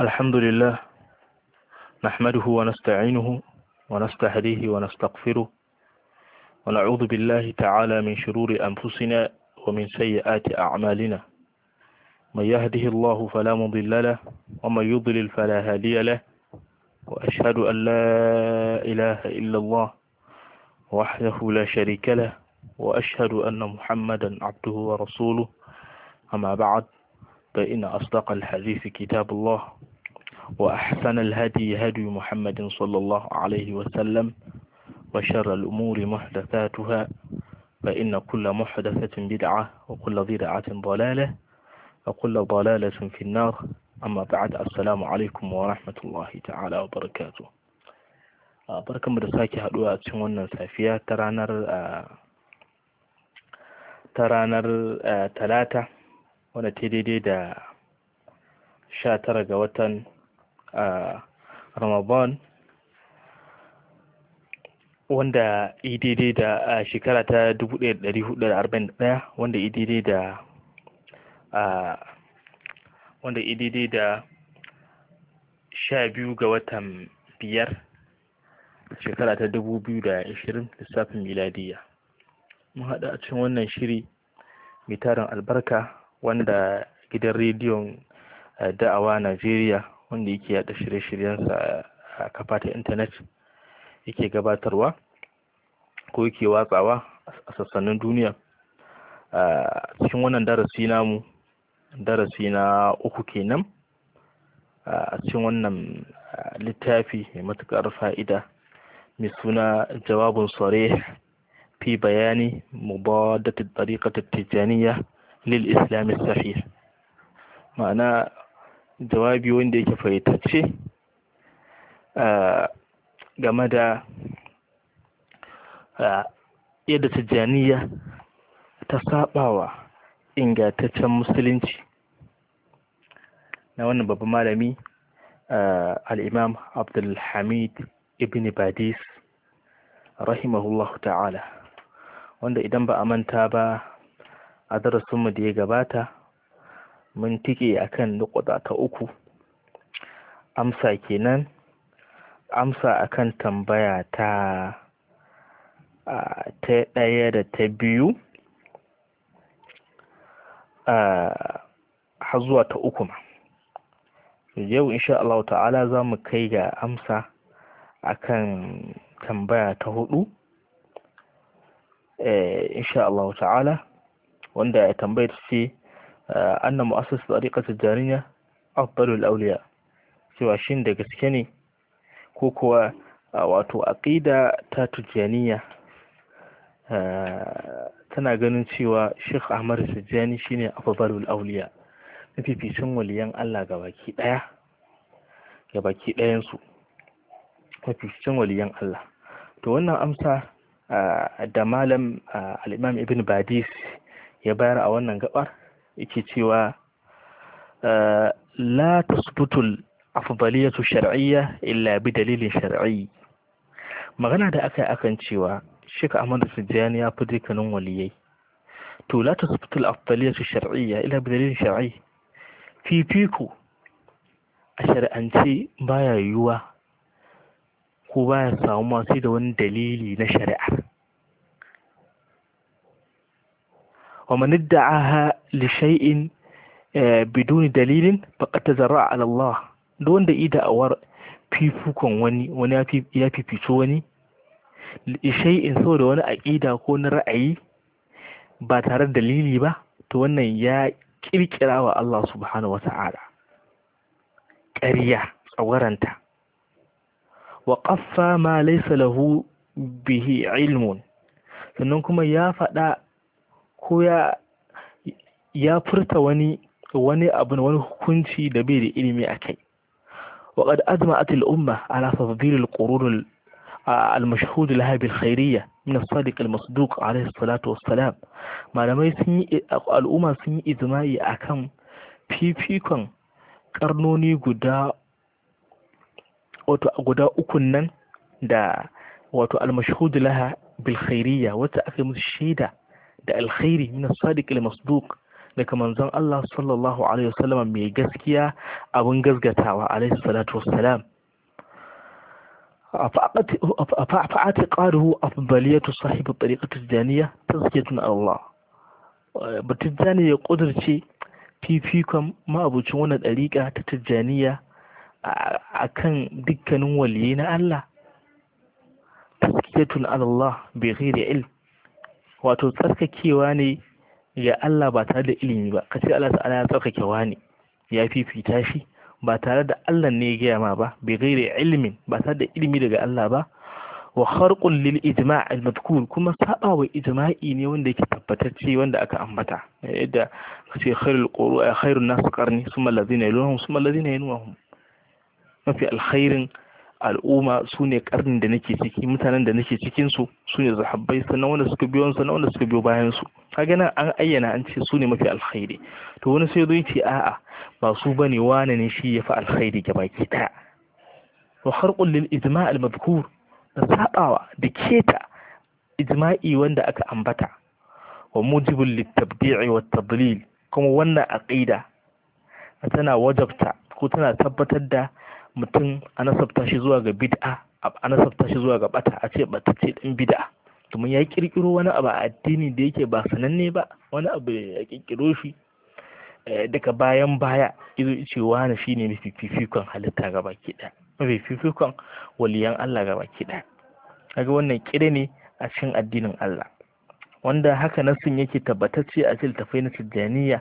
الحمد لله نحمده ونستعينه ونستهديه ونستغفره ونعوذ بالله تعالى من شرور أنفسنا ومن سيئات أعمالنا من يهده الله فلا مضل له ومن يضلل فلا هادي له وأشهد أن لا إله إلا الله وحده لا شريك له وأشهد أن محمدا عبده ورسوله أما بعد فإن أصدق الحديث كتاب الله وأحسن الهدي هدي محمد صلى الله عليه وسلم وشر الأمور محدثاتها فإن كل محدثة بدعة وكل بدعة ضلالة وكل ضلالة في النار أما بعد السلام عليكم ورحمة الله تعالى وبركاته barkan mu da sake haduwa ترانر آه، ترانر ثلاثة آه، wanda ta daidai da sha tara ga watan ramadan wanda yi daidai da shekara ta 1441 wanda ya daidai da wanda yi daidai da sha biyu ga watan biyar shekara ta dubu biyu da ashirin lissafin miladiya mun haɗa a cikin wannan shiri mai tarin albarka wanda gidan rediyon eh, da'awa a Najeriya wanda yake yada shirye-shiryensa a kafa ta intanet yake gabatarwa ko yake watsawa a sassanin duniya a cikin wannan darasi namu darasi na uku kenan a cikin wannan littafi mai matuƙar fa'ida mai suna jawabin sore fi bayani mubadatit tariqatit tijaniya lil islam sahih ma'ana jawabi wanda yake fahimtacce game da yadda tijjaniya ta saɓawa ingantaccen musulunci na wannan babban malami Al-Imam abdulhamid Ibni badis rahimahullahu ta'ala wanda idan ba a manta ba a darasinmu da ya gabata mun tike akan nukuda ta uku amsa kenan amsa akan tambaya ta ɗaya da ta biyu har zuwa ta uku ma yau insha Allah ta'ala za mu kai ga amsa akan tambaya ta hudu eh, insha Allah ta'ala wanda tambayar ce ah, anna mu'assis tariqa a afdalul awliya cewa shin da gaske ne ko kuwa ah, wato aqida ta Tijjaniya ah, tana ganin cewa Sheikh Ahmad tijjani shine afdalul awliya mafificin waliyan Allah gabaki daya gabaki dayan su mafificin waliyan Allah to wannan amsa da malam al-Imam Ibn Badis ya bayar a wannan gabar yake cewa eh, la tasbutul afdaliyatu shar'iyya illa bi dalilin shar'i magana da aka yi akan cewa shika Ahmad Sujani ya fi dukkanin waliyai to la tasbutul afdaliyatu shar'iyya illa bi dalilin shar'i fifiko a shari'ance baya yiwuwa ko baya samu sai da wani dalili na shari'a. ومن ادعاها لشيء biduni dalilin faƙar ta zara Allah duk wanda yi da'awar fifikon wani ya fifico wani shay'in saboda wani aƙida ko na ra'ayi ba tare da dalili ba ta wannan ya ƙirƙira wa Allah subhanahu ƙarya tsawaranta wa ƙaffa ma laisa lahu bihi ilmun sannan kuma ya faɗa ko ya ya furta wani wani abu wani hukunci da bai da ilimi a kai وقد أجمعت الأمة على تفضيل القرون المشهود لها بالخيرية من الصادق المصدوق عليه الصلاة والسلام ما لم يسني الأمة سني إجماعي أكم في فيكم قرنوني قدا wato guda ukun nan da wato almashhud laha bil khairiyya wata aka musu shaida da alkhairi min sadiq al masduq daga manzon Allah sallallahu alaihi wasallam mai gaskiya abin gaskatawa alaihi salatu wassalam afaqati qaruhu afdaliyatu sahibi tariqati tijaniya tazkiyatun Allah batijani ya kudurce fifikon ma'abucin wannan dariƙa ta tijaniya akan dukkanin waliyai na Allah tazkiyatun Allah bi ghairi ilm wato tsarkakewa ne ga Allah ba tare da ilimi ba kace Allah ta'ala ya tsarkake ne. ya fifita shi ba tare da Allah ne ya gaya ma ba bai ghairi ilimin ba tare da ilimi daga Allah ba wa kharqun lil ijma' al madhkur kuma saba wa ijma'i ne wanda yake tabbatacce wanda aka ambata yadda kace khairul quru khairun nas qarni thumma alladhina yalunhum thumma alladhina yaluhum mafi alkhairin al'umma su ne karnin da nake ciki mutanen da nake cikin su su ne zahabbai sannan wanda suka biyo sannan wanda suka biyo bayan su kaga nan an ayyana an ce su ne mafi alkhairi to wani sai zai ce a'a ba su bane wane ne shi yafi alkhairi baki daya to har kullin ijma' al madhkur da sabawa da keta ijma'i wanda aka ambata wa mujibul lit tabdi'i wat tadlil kuma wannan aqida tana wajabta ko tana tabbatar da mutum a nasabta shi zuwa ga bid'a a nasabta shi zuwa ga bata a ce bata ce din bid'a domin ya kirkiro wani abu a addini da yake ba sananne ba wani abu ya kirkiro shi eh, daga bayan baya izo ce wani shine mafi fifikon halitta ga baki waliyan Allah ga baki daya kaga wannan kire ne a cikin addinin Allah wanda haka nasin yake tabbatacce a cikin tafai na tijjaniya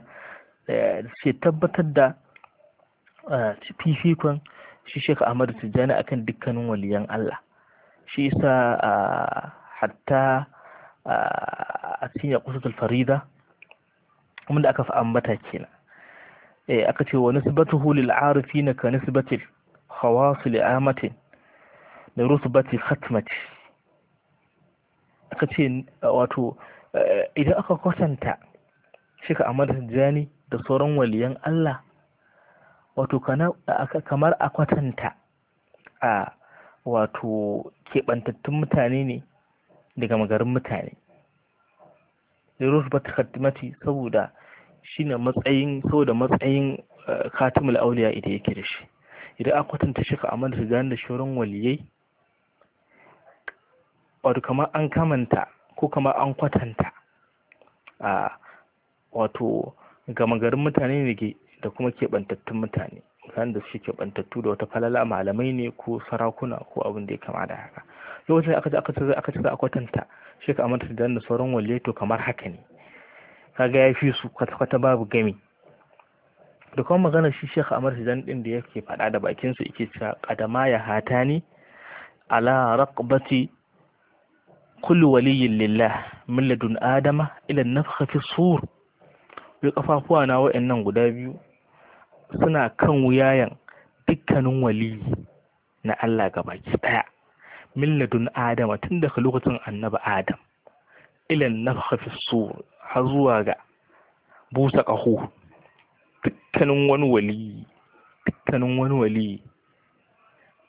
da eh, suke tabbatar da eh, fifikon shi Sheikh Ahmadu Tijjani akan dukkanin waliyan Allah shi yasa hatta a cikin yaqutul farida wanda aka fi ambata kenan eh aka ce wa nisbatuhu lil arifina ka nisbatil khawas li amatin da rutbati khatmati aka ce wato eh, idan aka kwatanta Sheikh Ahmadu tijani da sauran waliyan Allah wato kamar a kwatanta a wato keɓantattun mutane ne daga magarin mutane lirusbat khatimati saboda ne matsayin saboda matsayin katimul auliya idan yake da shi idan a kwatanta shi ka su rigan da shoran waliyai wato kamar an kamanta ko kamar an kwatanta a wato ga magarin mutane ne da kuma keɓantattun mutane kan da suke keɓantattu da wata falala malamai ne ko sarakuna ko abin da ya kama da haka lokacin da aka ce aka ce aka ce aka kwatanta shi ka amince da da sauran To kamar haka ne kaga ya fi su kwata-kwata babu gami da kuma maganar shi shekha Amar hijan din da yake faɗa da bakin su yake cewa kadama ya hata ni, ala raqbati kullu waliyyin lillah min ladun adama ila nafkha fi sur bi kafafuwa na waɗannan guda biyu suna kan wuyayen dukkanin waliyi na Allah gabaki ɗaya milladun Adam tun daga lokacin annabi adam ilan na sur har zuwa ga busa ƙaho dukkanin wani wali dukkanin wani wali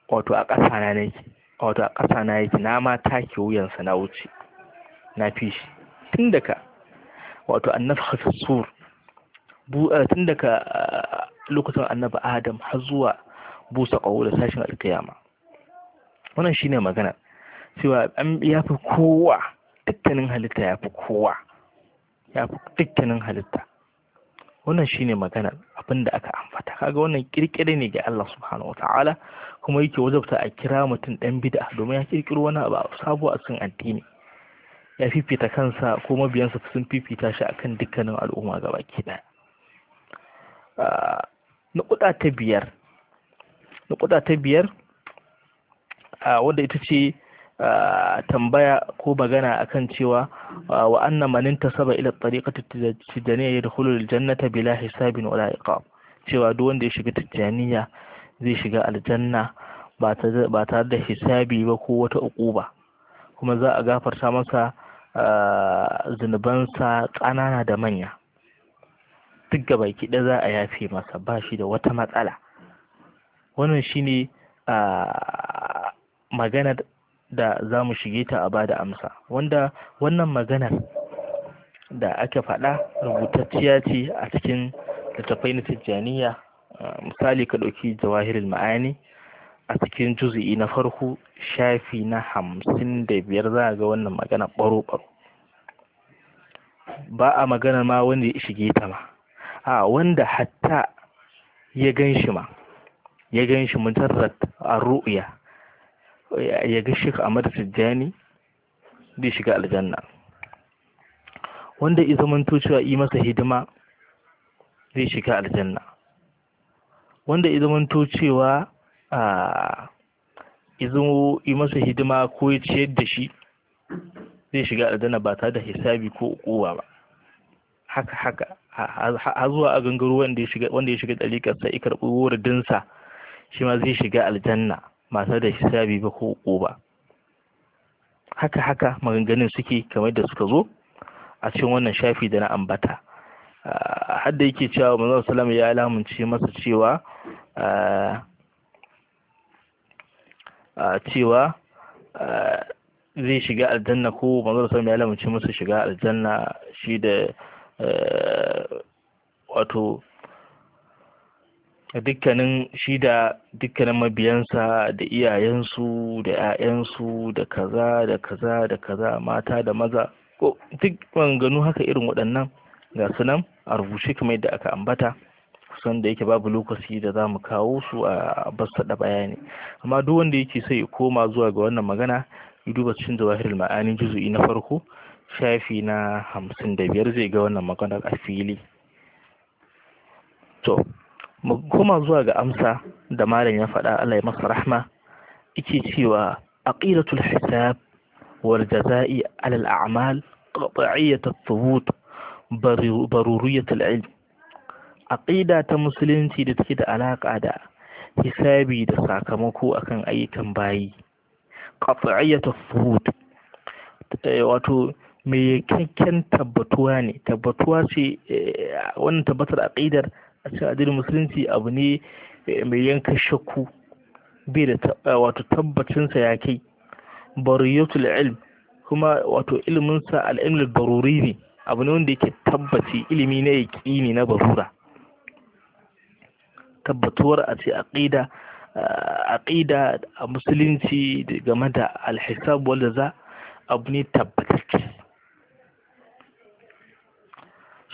wato a ƙasa na nake wato a ƙasa na yake na ma take wuyansa na wuce na fi shi tun daga wato annafha fi sur eh, tun daga Lokacin annabi adam har zuwa busa ƙaho da sashen alkiyama wannan shi ne magana cewa an ya fi kowa dukkanin halitta ya fi kowa ya fi dukkanin halitta wannan ne magana abin da aka amfata kaga wannan kirkire ne ga Allah subhanahu wataala kuma yake wajabta a kira mutum dan bid'a domin ya kirkiro wani abu sabo a cikin addini ya fifita kansa ko mabiyansa sun fifita shi akan dukkanin al'umma gabaki daya ah, nukuda ta biyar nukuda ta biyar wadda ita ce tambaya ko magana akan cewa wa anna man saba ila tariqati ya ta aljannata bila hisabin wala iqab cewa duk wanda ya shiga tijaniya zai shiga aljanna ba tare da hisabi ba ko wata ba kuma za a gafarta masa zunubansa ƙanana da manya duk gaba ɗaya za a yafe masa ba shi da wata matsala wannan shine a maganar da za mu shige ta a bada amsa wanda wannan maganar da aka faɗa rubutacciya ce a cikin littattafai na tijjaniya misali ka ɗauki jawahirin ma'ani a cikin juzi'i na farko shafi na hamsin da biyar za a ga wannan magana ɓaro-ɓaro ba a magana ma wanda ya shige ta ma a wanda hatta ya gan shi ma ya gan shi mujarrad a ru'ya ya ga shi Ahmad Tijjani zai shiga aljanna wanda ya zama cewa yi masa hidima zai shiga aljanna wanda ya zama cewa a yi masa hidima ko ya ciyar da shi zai shiga aljanna ba tare da hisabi ko kowa ba haka haka har zuwa a gangaro wanda ya shiga wanda ya shiga dalikar sai karɓi wuridin sa shi ma zai shiga aljanna masa da hisabi ba ko ba haka haka maganganun suke kamar da suka zo a cikin wannan shafi da na ambata ah, hadda yake cewa manzon sallam ya lamunce masa cewa ah, ah, cewa zai shiga aljanna ko manzon sallam ya lamunce masa shiga aljanna shi da Eh, wato dukkanin shi da dukkanin mabiyansa da iyayensu da 'ya'yansu da kaza da kaza da kaza mata da maza ko duk ganu haka irin waɗannan ga sunan a rubuce kamar yadda aka ambata kusan da yake babu lokaci da za mu kawo su a basta da bayani amma duk wanda yake sai ya koma zuwa ga wannan magana ya duba cikin jawahirul ma'anin juzu'i na farko shafi na hamsin da biyar zai ga wannan maganar a fili to mu koma zuwa ga amsa da malam ya faɗa Allah ya masa rahma yake cewa aqidatul hisab wal jazai ala al a'mal qat'iyyat ath-thubut baruriyyat al-ilm aqida ta musulunci da take da alaka da hisabi da sakamako akan ayyukan bayi qat'iyyat ath eh, wato mai yankakken tabbatuwa ne tabbatuwa ce eh, wannan tabbatar ƙidar a cikin addinin musulunci abu ne eh, mai yanka shakku bai da eh, wato tabbacinsa ya kai bariyatul ilm kuma wato iliminsa al'ilmul baruri ne abu ne wanda yake tabbaci ilimi na yaƙini na barura tabbatuwar a ce aƙida aƙida a musulunci game da alhisab wanda za abu ne tabbata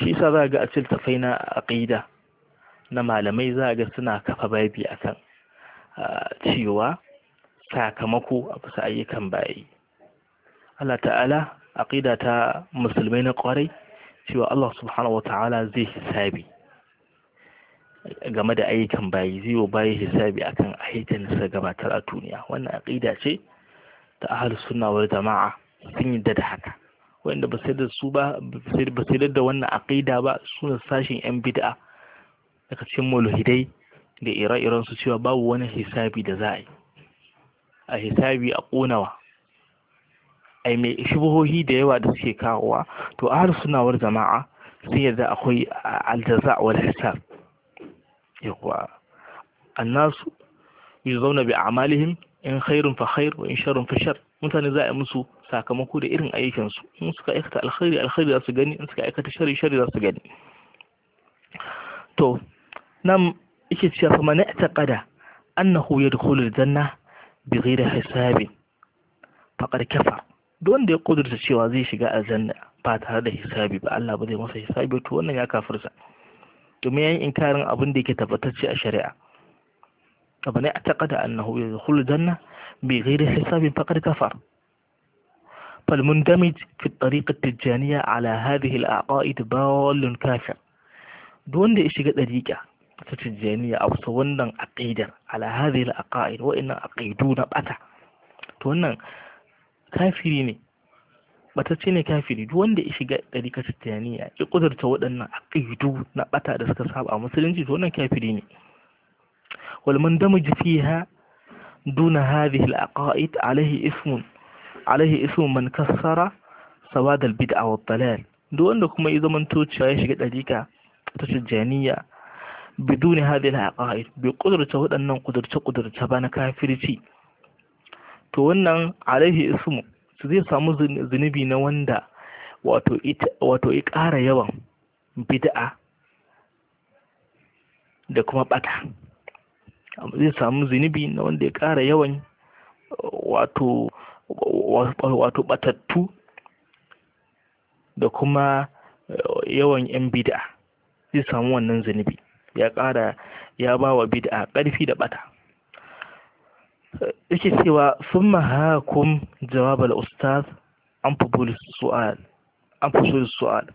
shi yasa za ga a ciltafai na aƙida na malamai za ga suna kafa babi akan cewa sakamako a bisa ayyukan bayi Allah ta'ala aƙida ta musulmai na kwarai cewa Allah subhanahu ta'ala zai hisabi game da ayyukan bayi zai wa bayi hisabi akan ayyukan da gabatar a duniya wannan aƙida ce ta ahal suna wal jama'a sun yi da haka wanda ba sai da su ba ba sai da wannan aqida ba suna sashin yan bid'a daga cikin mulhidai da ira-iran su cewa babu wani hisabi da za a yi a hisabi a ƙonawa ai mai shubuhohi da yawa da suke kawowa to a war jama'a sai yadda akwai aljaza wal hisab yawa annasu yuzauna bi a'malihim in khairun fa khair wa in sharrun fa shar mutane za a yi musu sakamako da irin ayyukansu in suka aikata alkhairi alkhairi za su gani in suka aikata shari shari za su gani to nan yake cewa fa man i'taqada annahu zanna janna da hisabin faqad kafa duk wanda ya kudurta cewa zai shiga aljanna ba tare da hisabi ba Allah ba zai masa hisabi to wannan ya kafirsa domin yayin inkarin abin da yake tabbatacce a shari'a abu ne a taƙada annahu yadkhulul janna bighairi hisabin faƙar kafar فالمندمج في الطريقة التجانية على هذه العقائد ضال كافر دون دي إشي طريقة تجانية أو سوانا عقيدة على هذه العقائد وإن عقيدون بأتا تونا كافرين batacce kafiri duk wanda ya shiga ɗarikar tijjaniya ya kudurta waɗannan aƙidu na ɓata da suka saba musulunci to wannan kafiri ne wal man damaj duna hadhihi al aqaid alaihi ismun alaihi ismu man kassara sawadal bid'a wa dalal duk wanda kuma ya zamanto cewa ya shiga dariƙa ta tijjaniya biduni hadhihi al-aqaid bi qudurta waɗannan qudurce qudurce ba na kafirci to wannan alaihi ismu zai samu zunubi na wanda wato wato ya ƙara yawan bid'a da kuma bata zai samu zunubi na wanda ya ƙara yawan wato wato batattu da kuma eh, yawan 'yan bid'a zai samu wannan zunubi ya ƙara ya ba wa bid'a ƙarfi da bata yake cewa sun mahakum jawabal ustaz an fubul su'al an fubul sai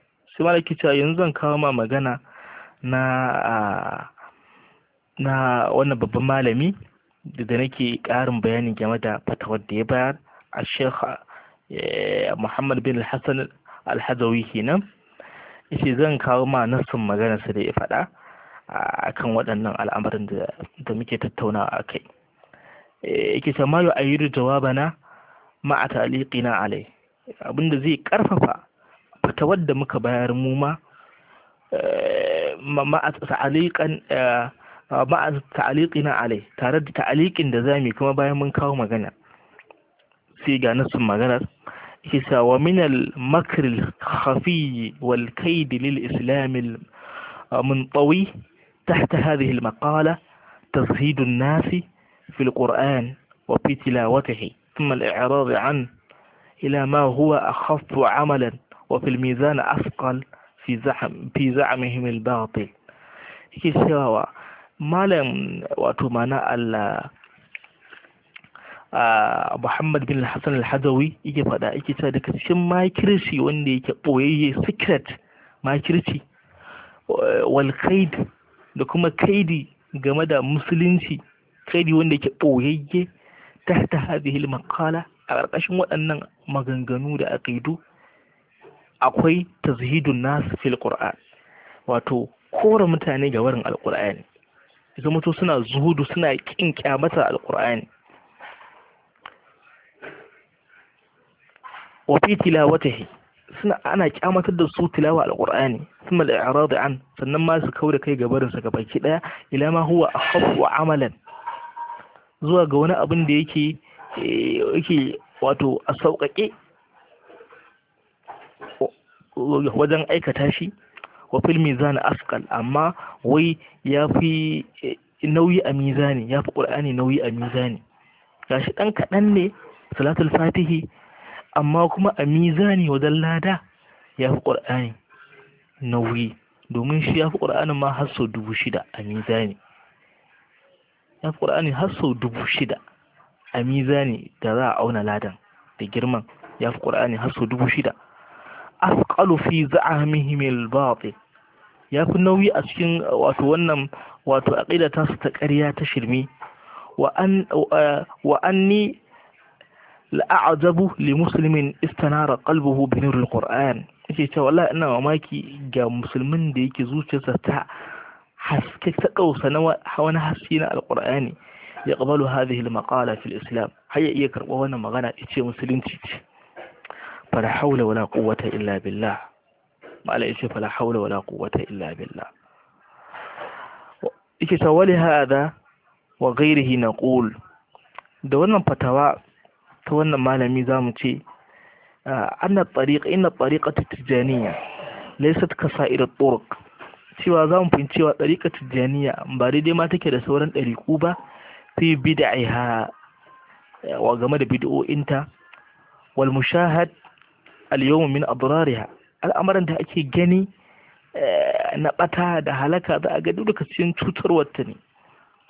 ma yake cewa yanzu zan kawo ma magana na na wannan babban malami da nake ƙarin bayanin game da fatawar da ya bayar a محمد muhammad bin hassan alhazawi ishi zan kawo ma nassin maganarsa da ya faɗa kan waɗannan al'amarin da muke tattaunawa a kai yake ce ma yu'ayyidu jawabana ma a na alai abinda zai karfafa fata wadda muka bayar mu ma ma'a na alai tare da ta'aliqin da za yi kuma bayan mun kawo magana sai ga nasu maganar kisa wa minal makril khafi wal kaid lil islam منطوي تحت هذه المقالة تزهيد الناس في القرآن وفي تلاوته ثم الإعراض عنه إلى ما هو أخف عملا وفي الميزان أثقل في زعم في زعمهم الباطل yake ما لم wato mana Muhammad bin Hassan al-Hadawi yake faɗa yake cewa daga cikin makirci wanda yake boyayye secret makirci wal kaid da kuma kaidi game da musulunci kaidi wanda yake ɓoyayye ta hadhihi al-maqala a ƙarƙashin waɗannan maganganu da aqidu akwai tazhidun nas fil qur'an wato kore mutane ga warin alqur'ani zama to suna zuhudu suna kin kyamata alqur'ani wa fi suna ana kyamatar da su tilawa alƙur'ani suna da i'rad an sannan ma su kauda kai gabarin sa gabaki daya ila ma huwa amalan zuwa ga wani abin da yake yake wato a sauƙaƙe wajen aikata shi wa fil mizan asqal amma wai ya fi nauyi a mizani ya fi ƙur'ani nauyi a mizani gashi ɗan kaɗan ne salatul fatihi amma kuma a mizani wajen lada ya fi ƙur'ani nauyi domin shi ya fi ƙur'ani ma har sau dubu shida a mizani ya fi ƙur'ani har sau dubu shida a mizani da za a auna ladan da girman ya fi ƙur'ani har sau dubu shida a fi za'amihim al-batil ya fi nauyi a cikin wato wannan wato aqida ta su ta ƙarya ta shirme wa an ni la'ajabu li muslimin istanara qalbuhu bi nuril qur'an yake cewa wallahi ina mamaki ga musulmin da yake zuciyarsa ta haske ta kausa na wani haske na alqur'ani ya qabalu hadhihi al fil islam har iya karɓa wannan magana ce musulunci ce fala haula wala quwwata illa billah mala yace fala haula wala quwwata illa billah yake cewa wali hada wa ghairihi naqul da wannan fatawa ta wannan malami za mu ce ana ah, tariƙa ina tariƙa ta tijjaniya laisat ka irin turk cewa za mu fahimci cewa tijjaniya ba daidai ma take da sauran ɗariƙu ba fi bid'a wa game da bid'o'inta wal mushahad al yawm min adrariha al'amuran da ake gani eh, na bata da halaka za a ga duk cikin cutarwar ta ne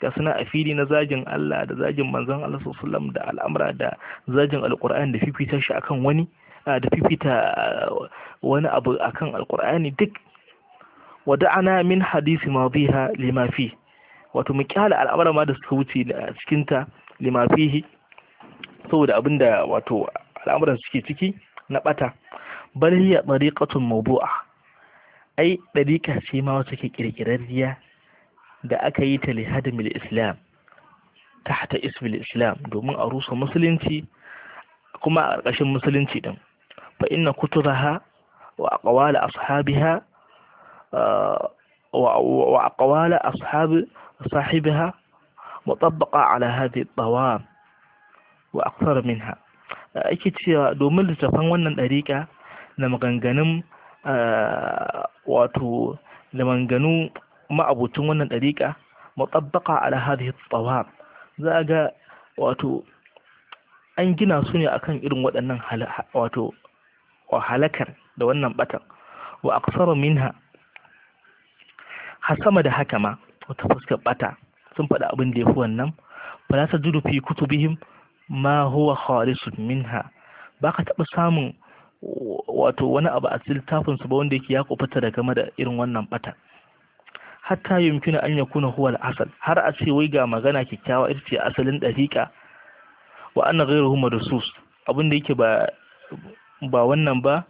ga suna a fili na zagin Allah da zagin manzon Allah sallallahu da al'amura da zagin alqur'ani da fifita shi akan wani da fifita wani abu akan alqur'ani duk wada'ana min hadisi madiha lima fi wato mu kyala al'amura ma da suka wuce da cikin ta lima fihi saboda abinda wato al'amura suke ciki na bata bal hiya tariqatun mawdu'a ai dariƙa ce ma wata ke kirkirarriya da aka yi ta lihadimil islam ta hata ismil islam domin a rusa musulunci kuma a ƙarƙashin musulunci din fa inna ha wa a ƙawala sahabi ha wa aqwala ashab sahibiha mutabbaqa ala haɗe hadhihi at-tawam min ha da ake cewa domin littafan wannan ɗariƙa na maganganun wato da manganu ma'abutun wannan ɗariƙa matsabbaka ala tsawab za a ga wato an gina su ne akan irin waɗannan halakar da wannan batan wa aksara minha sama da haka ma wata fuskar bata sun faɗa abin da ya fi wannan fala ta judu fi ma huwa su minha ba ka taɓa samun wato wani abu a littafin su ba wanda yake ya kofata da game da irin wannan batan hatta yumkinu an yakuna huwa al-asal har a ce wai ga magana kikkiawa ita ce asalin dariqa wa anna ghayruhu madsus abinda yake ba ba wannan ba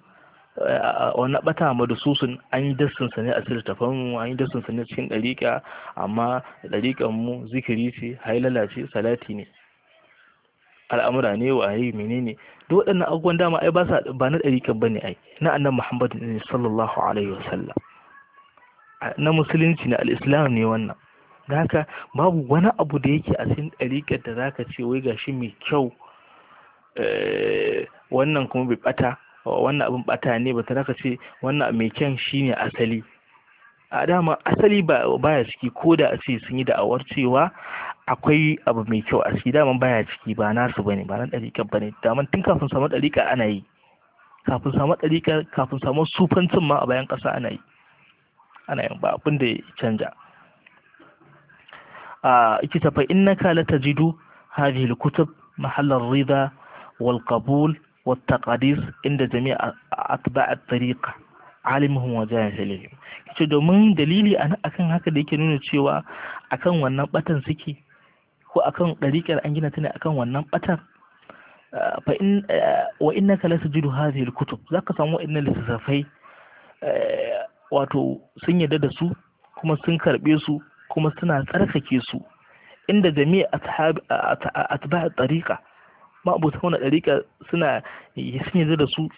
wani bata madasusun an yi dassin sa ne a littafan mu an yi dassin sa ne cikin dariqa amma dariqan mu zikiri ce hailala ce salati ne al'amura ne wa ayi menene duk waɗannan abubuwan dama ai ba sa ba na dariqan bane ai na annabi Muhammad sallallahu alaihi wasallam na musulunci na al'islam ne wannan haka babu wani abu da yake a cikin ɗariƙar da zaka ce wai gashi mai kyau eh, wannan kuma bai bata wannan abin bata ne ba ta ka ce wannan mai kyan shine asali a dama asali ba baya ciki ko da a ce sun yi da'awar cewa akwai abu mai kyau a ciki ba baya ciki ba nasu bane ba nan ɗariƙar bane dama tun kafin samu ɗariƙa ana yi kafin samu ɗariƙa kafin samu sufancin ma a bayan ƙasa ana yi ana yin ba abin da ya canja a kita fa innaka latajidu hadhihi alkutub محل الرضا والقبول inda jami'a جميع أتباع الطريقة alimhum wa jahilihim Kice domin dalili akan haka da yake nuna cewa akan wannan batan suke ko akan dariƙar an gina ta ne akan wannan batan fa in wa innaka la tajidu hadhihi alkutub zaka samu innal lisafai wato sun yarda da su kuma sun karɓe su kuma suna tsarkake su inda jami atba tariqa ma'abuta wani ɗariƙa suna sun yarda da su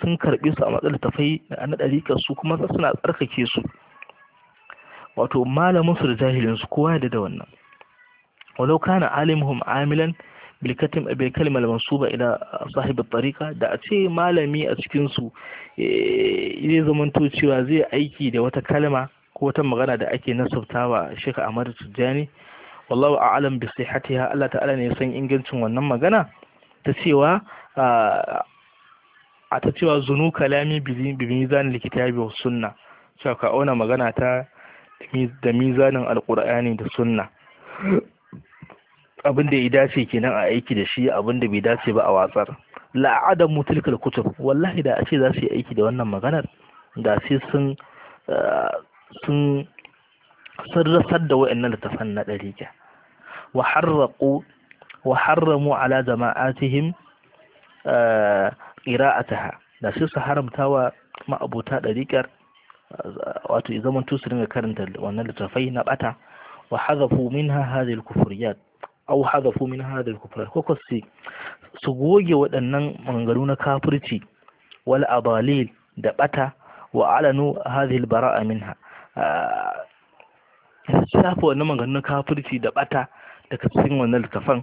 sun karɓe su a matsalar tafai na ɗariƙa su kuma suna tsarkake su wato malamin su da jahilin su, kowa ya da wannan walau kana alimuhum amilan bil kalima mansuba ila sahib tariqa da a ce malami a cikin su eh, zai zamanto cewa zai aiki da wata kalma ko wata magana da ake nasabtawa Sheikh Ahmadu Tijjani wallahu a'lam bi sihhatiha Allah ta'ala ne san ingancin wannan magana ta cewa a ah, ta cewa zunu kalami bi mizanin likitabi wa sunna cewa ka auna magana ta da mizanin alqur'ani da sunna abin da ya dace kenan a aiki da shi abin da bai dace ba a watsar la'adan mutilkal kutub wallahi da a ce za su yi aiki da wannan maganar da sai sun eh, sun sarrasar da wa'annan littafan na ɗariƙa wa harraƙu wa harramu ala jama'atihim eh, qira'ataha da sai su haramta wa ma'abuta ɗariƙar eh, wato zaman to su dinga karanta wannan littafai na ɓata wa hazafu minha hadhihi al-kufriyat au hadafu min hadal kufra ko ko su goge waɗannan mangaru na kafirci wal abalil da bata wa alanu hadhihi albara'a minha ah, su shafa wannan mangaru na kafirci da bata daga cikin wannan littafan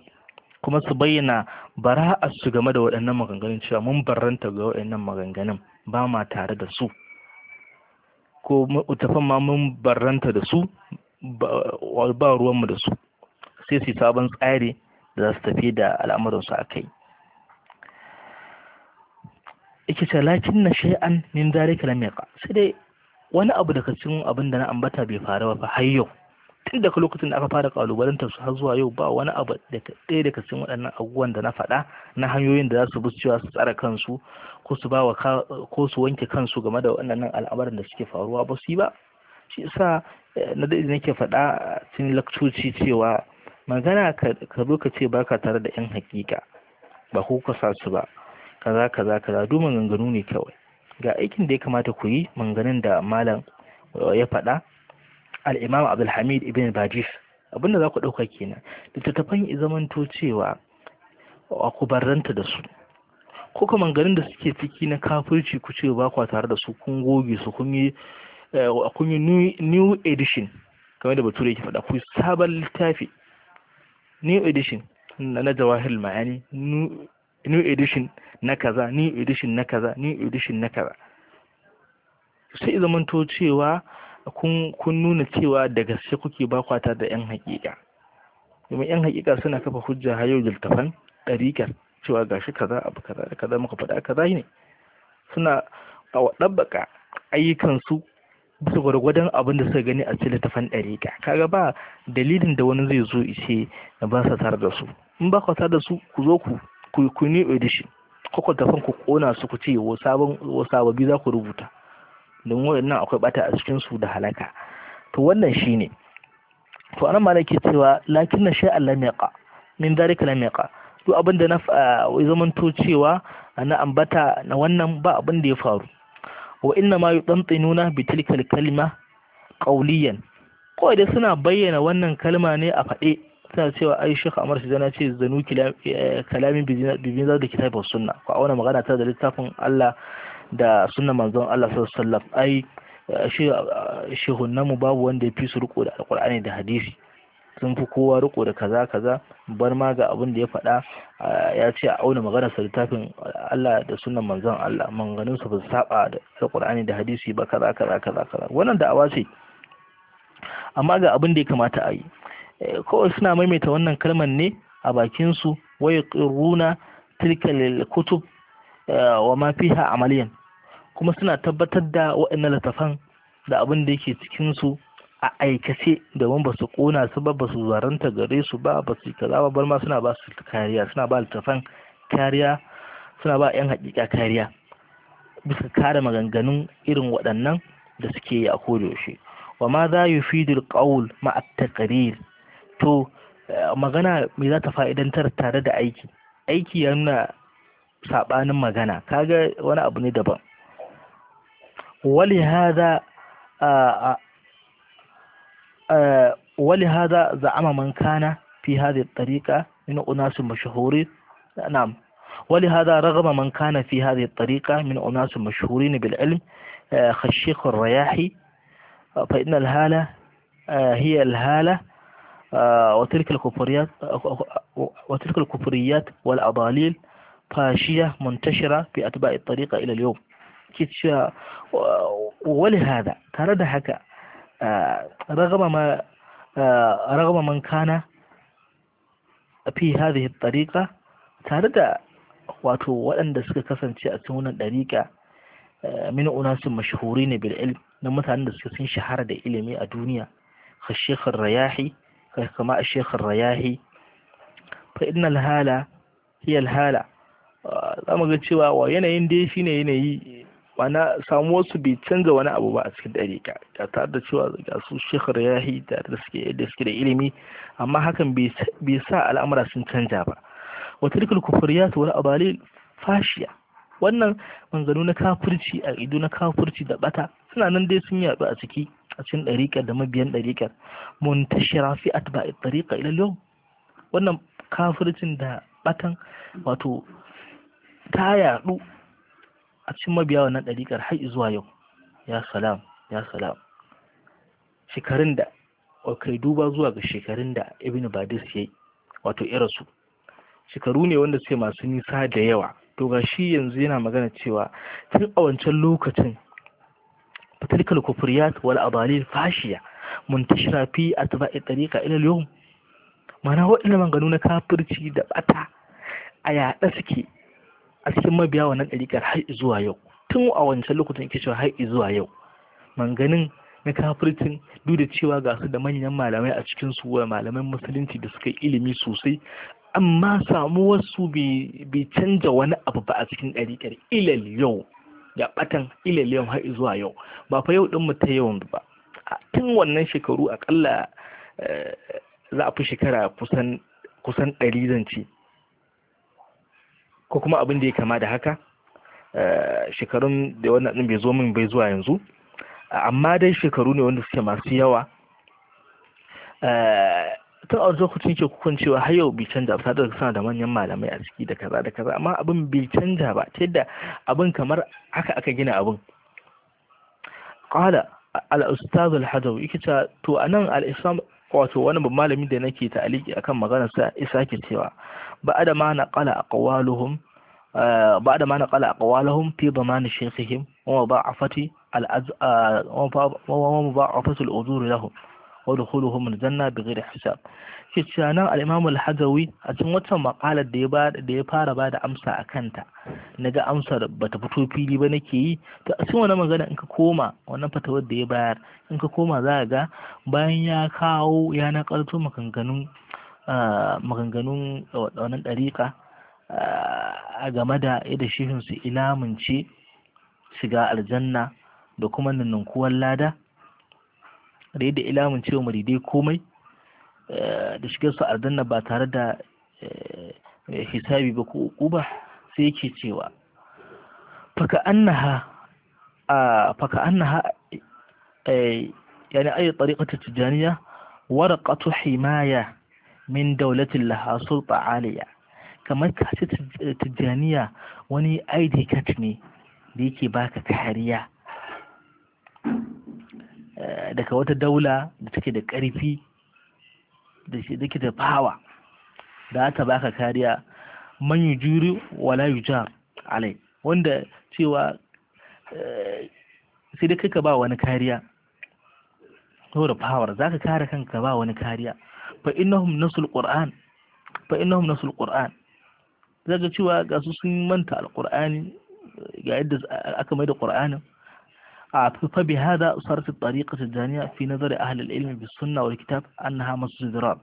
kuma su bayyana bara'ar su game da waɗannan maganganun cewa mun barranta ga waɗannan maganganun ba ma tare da su ko littafan ma mun barranta da su ba ruwanmu da su sai su sabon tsari da za su tafi da al'amuransu a kai yake ce lakin na shay'an min ka na sai dai wani abu daga cikin abin da na ambata bai faru ba fa har yau tun daga lokacin da aka fara kalubalantar su har zuwa yau ba wani abu daga ɗaya daga cikin waɗannan abubuwan da na faɗa na hanyoyin da za su cewa su tsara kansu ko su bawa ko su wanke kansu game da waɗannan al'amarin da suke faruwa ba su yi ba shi yasa eh, na da nake faɗa cikin lakcoci cewa magana ka zo ka ce baka tare da yan hakika ba ku su ba kaza kaza kaza duk maganganu ne kawai ga aikin da ya kamata ku yi maganganun da malam uh, ya faɗa al-imam abdulhamid ibn bajis abinda za ku ɗauka kenan littattafan ya to cewa a ku barranta da su ko ka da suke ciki na kafirci ku ce ba kwa tare da su kun goge su kun yi uh, kun yi new edition kamar da bature yake faɗa ku sabon littafi new edition na jawahir ma'ani new edition na kaza new edition na kaza new edition na kaza sai zamanto cewa kun nuna cewa da gaske kuke bakwata da yan hakika domin yan hakika suna kafa hujja har yau littafan ɗarikar cewa gashi kaza abu kaza da kaza muka faɗa kaza ne suna a ɗabbaka ayyukansu bisa gwargwadon abin da suka gani a cikin littafin ɗariƙa kaga ba dalilin da wani zai zo ice na ba sa tare da su in ba ka da su ku zo ku ku ne edition ko ku tafan ku kona su ku ce wa sabon wa sababi za ku rubuta don waɗannan akwai bata a cikin su da halaka to wannan shine to anan malaki cewa lakin na sha Allah miqa min dalika la miqa duk abin da na zamanto cewa ana ambata na wannan ba abin da ya faru wa inna ma yudantinuna nuna, tilkal kalima dai suna bayyana wannan kalma ne a faɗe suna cewa ai shi kamar shi zana ce zanu eh, kalamin bibin da kitabin sunna ko auna magana ta da littafin Allah da sunna manzon Allah sallallahu ai eh, eh, shehunan mu babu wanda ya fi su riko da alqur'ani da hadisi sun fi kowa riko da kaza kaza bar ma ga abin da ya faɗa ya ce a auna maganar sa littafin Allah da sunan manzon Allah manganin su ba su saba da alqur'ani da hadisi ba kaza kaza kaza kaza wannan da'awa ce amma ga abin da ya kamata a yi eh, kawai suna maimaita wannan kalmar ne a bakin su waya qiruna tilkal kutub eh, wa ma fiha amaliyan kuma suna tabbatar da waɗannan littafan da abin da yake cikin su a aikace domin ba su kona su ba ba su zaranta gare su ba ba su kaza ba bar ma suna ba su kariya suna ba littafan kariya suna ba yan hakika kariya bisa kare maganganun irin waɗannan da suke yi a kodayaushe wa ma za yi fidil ƙaul ma'attakarir to eh, magana me za ta fa'idantar tare da aiki aiki ya nuna saɓanin magana kaga wani abu ne daban wali haza آه، ولهذا زعم من كان في هذه الطريقة من أناس مشهورين نعم ولهذا رغم من كان في هذه الطريقة من أناس مشهورين بالعلم آه، خشيخ الرياحي آه، فإن الهالة هي الهالة وتلك الكفريات وتلك الكفريات والأضاليل فاشية منتشرة في أتباع الطريقة إلى اليوم ولهذا ترى هكا رغم ما رغم من كان في هذه الطريقة تارد wato waɗanda suka kasance a cikin wannan ɗariƙa min unasin mashahuri ne bil ilm na mutanen da suka sun shahara da ilimi a duniya ka shekhar rayahi kama a shekhar rayahi fa inna alhala hiya ga cewa wa yanayin dai shine yanayi wana samuwar su bai canza wani abu ba a cikin dariƙa, ga tare da cewa ga su ya yi tare da suke da ilimi amma hakan bai sa al'amura sun canza ba Wata wa tilkul kufriyat wani abali fashiya wannan manzanu na kafurci a ido na kafurci da bata suna nan dai sun yaɗu a ciki a cikin ɗariƙar da mabiyan ɗariƙar muntashira fi a ɗariƙa ila wannan kafurcin da batan wato ta yaɗu a cikin mabiya wannan ɗariƙar har zuwa yau ya salam ya salam shekarun da kai duba zuwa ga shekarun da ibn badis ya yi wato irasu shekaru ne wanda suke masu nisa da yawa to ga shi yanzu yana magana cewa tun a wancan lokacin fatilkal kufriyat wal abalil fashiya muntashira fi atba'i tariqa ila al-yawm mana waɗannan maganganu na kafirci da bata a yaɗa suke a cikin mabiya wannan ɗariƙar har zuwa yau tun a wancan lokacin ke cewa har zuwa yau manganin na kafircin duk da cewa ga su da manyan malamai a cikin su malaman musulunci da suka yi ilimi sosai amma samuwar su bai canza wani abu ba a cikin ɗariƙar ilal yau ya ɓatan ilal yau har zuwa yau ba fa yau ɗin ta yawan ba tun wannan shekaru akalla eh, za a fi shekara kusan kusan ɗari zance ko kuma abin da ya kama da haka eh, shekarun da wannan ɗin bai zo min bai zuwa yanzu amma dai shekaru ne wanda suke masu yawa eh, tun a kucin ke kukun cewa har yau bai canja ba da suna da manyan malamai a ciki da kaza da kaza amma abin bai canja ba ta yadda abin kamar haka aka gina abin qala al al-hadawi yake cewa to anan al-islam wato wani malami da nake ta'aliki akan magana sa isa ke cewa بعد ما نقل أقوالهم بعد ما نقل أقوالهم في ضمان شيخهم ومضاعفة الأز... ومضاعفة الأجور لهم ودخولهم الجنة بغير حساب كتشانا الإمام الحزوي أتموتا مقالة ديبار ديبار بعد أمسا أكانتا نجا أمسا بتفتو فيلي بنكي تأسيما نما غدا إنك كوما وانا فتوى ديبار إنك كوما ذاقا باين يا كاو يا نقلتو مكان maganganun wannan ɗariƙa a game da yadda shehinsu ilamunce shiga aljanna da kuma ninninkuwar lada da yadda ilamunce wa maridai komai da shigarsu aljanna ba tare da hisabi ba ko uba sai yake cewa faka annaha a faka annaha yani ayi tariqatu tijaniya warqatu himaya min daulatin lahasul sulta kamar ka ce tijjaniya wani id card ne da yake baka kariya eh, daga wata daula da take da ƙarfi da shi take da bawa da ta baka kariya man yujuri wala yujar alai wanda cewa eh, sai dai kai ka ba wani kariya saboda power za ka kare kanka ba wani kariya فإنهم نسوا القرآن فإنهم نسوا القرآن ذلك شوى قاسو من منتع القرآن قاعدة أكما القرآن القرآن آه، فبهذا صارت الطريقة الثانية في نظر أهل العلم بالسنة والكتاب أنها مصدر ذرار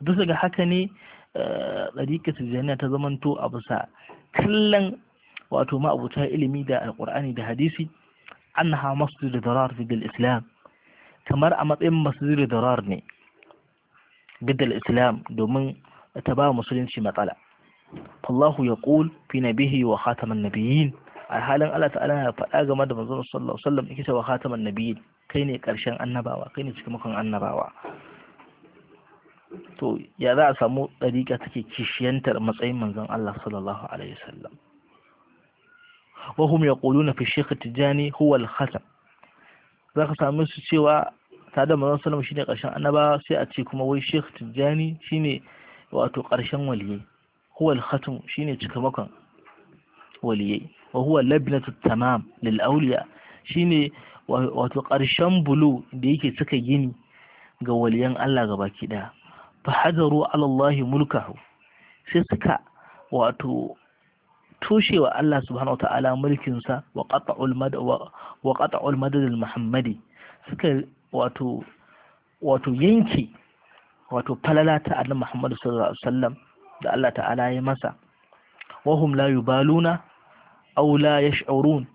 دوسك حكني آه، طريقة الثانية تضمنت أبو ساعة كلا وأتوما أبو تهي إلمي دى القرآن دى حديثي أنها مصدر ذرار في دى الإسلام كمار أمطين مصدر ذرارني bidal islam domin ta ba musulunci matsala fallahu ya ƙul fi nabihi wa khataman nabiyyin alhalin Allah ta'ala ya faɗa game da manzon sallallahu alaihi wasallam yake wa khataman nabiyyin kai ne ƙarshen annabawa kai ne cikamakon annabawa to ya za a samu ɗariƙa take kishiyantar matsayin manzon Allah sallallahu alaihi wasallam wa hum yaquluna fi shaykh tijani huwa al-khatam zaka samu su cewa ta da manzon sallam shine karshen annaba sai a ce kuma wai Sheikh Tijjani shine wato karshen waliyai huwa al-khatam shine cikamakon waliyai wa huwa labnatu tamam lil awliya shine wato karshen bulu da yake cika gini ga waliyan Allah gabaki daya fa hadaru ala Allah mulkahu sai suka wato toshewa Allah subhanahu wa ta'ala mulkinsa wa qata'ul madad wa qata'ul madad al-muhammadi suka wato wato yanke wato falala ta annabi Muhammad sallallahu alaihi wasallam da Allah ta'ala ya masa wahum la yubaluna aw la yash'urun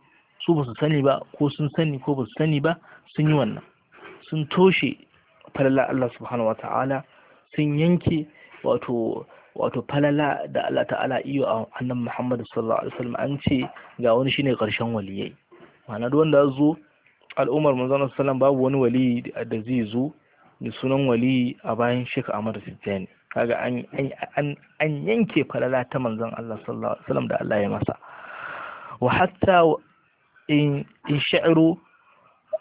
su ba su sani ba ko sun sani ko ba su sani ba sun yi wannan sun toshe falala Allah subhanahu wa ta'ala sun yanke wato wato falala da Allah ta'ala iyo a annabi Muhammad sallallahu alaihi wasallam an ce ga wani shine karshen waliyai ma'ana duk wanda zo al'ummar manzon sallam babu wani wali da zai zo da sunan wali a bayan shek amar sijjani kaga an yanke falala ta manzon Allah sallallahu da Allah ya masa wa hatta in sha'iru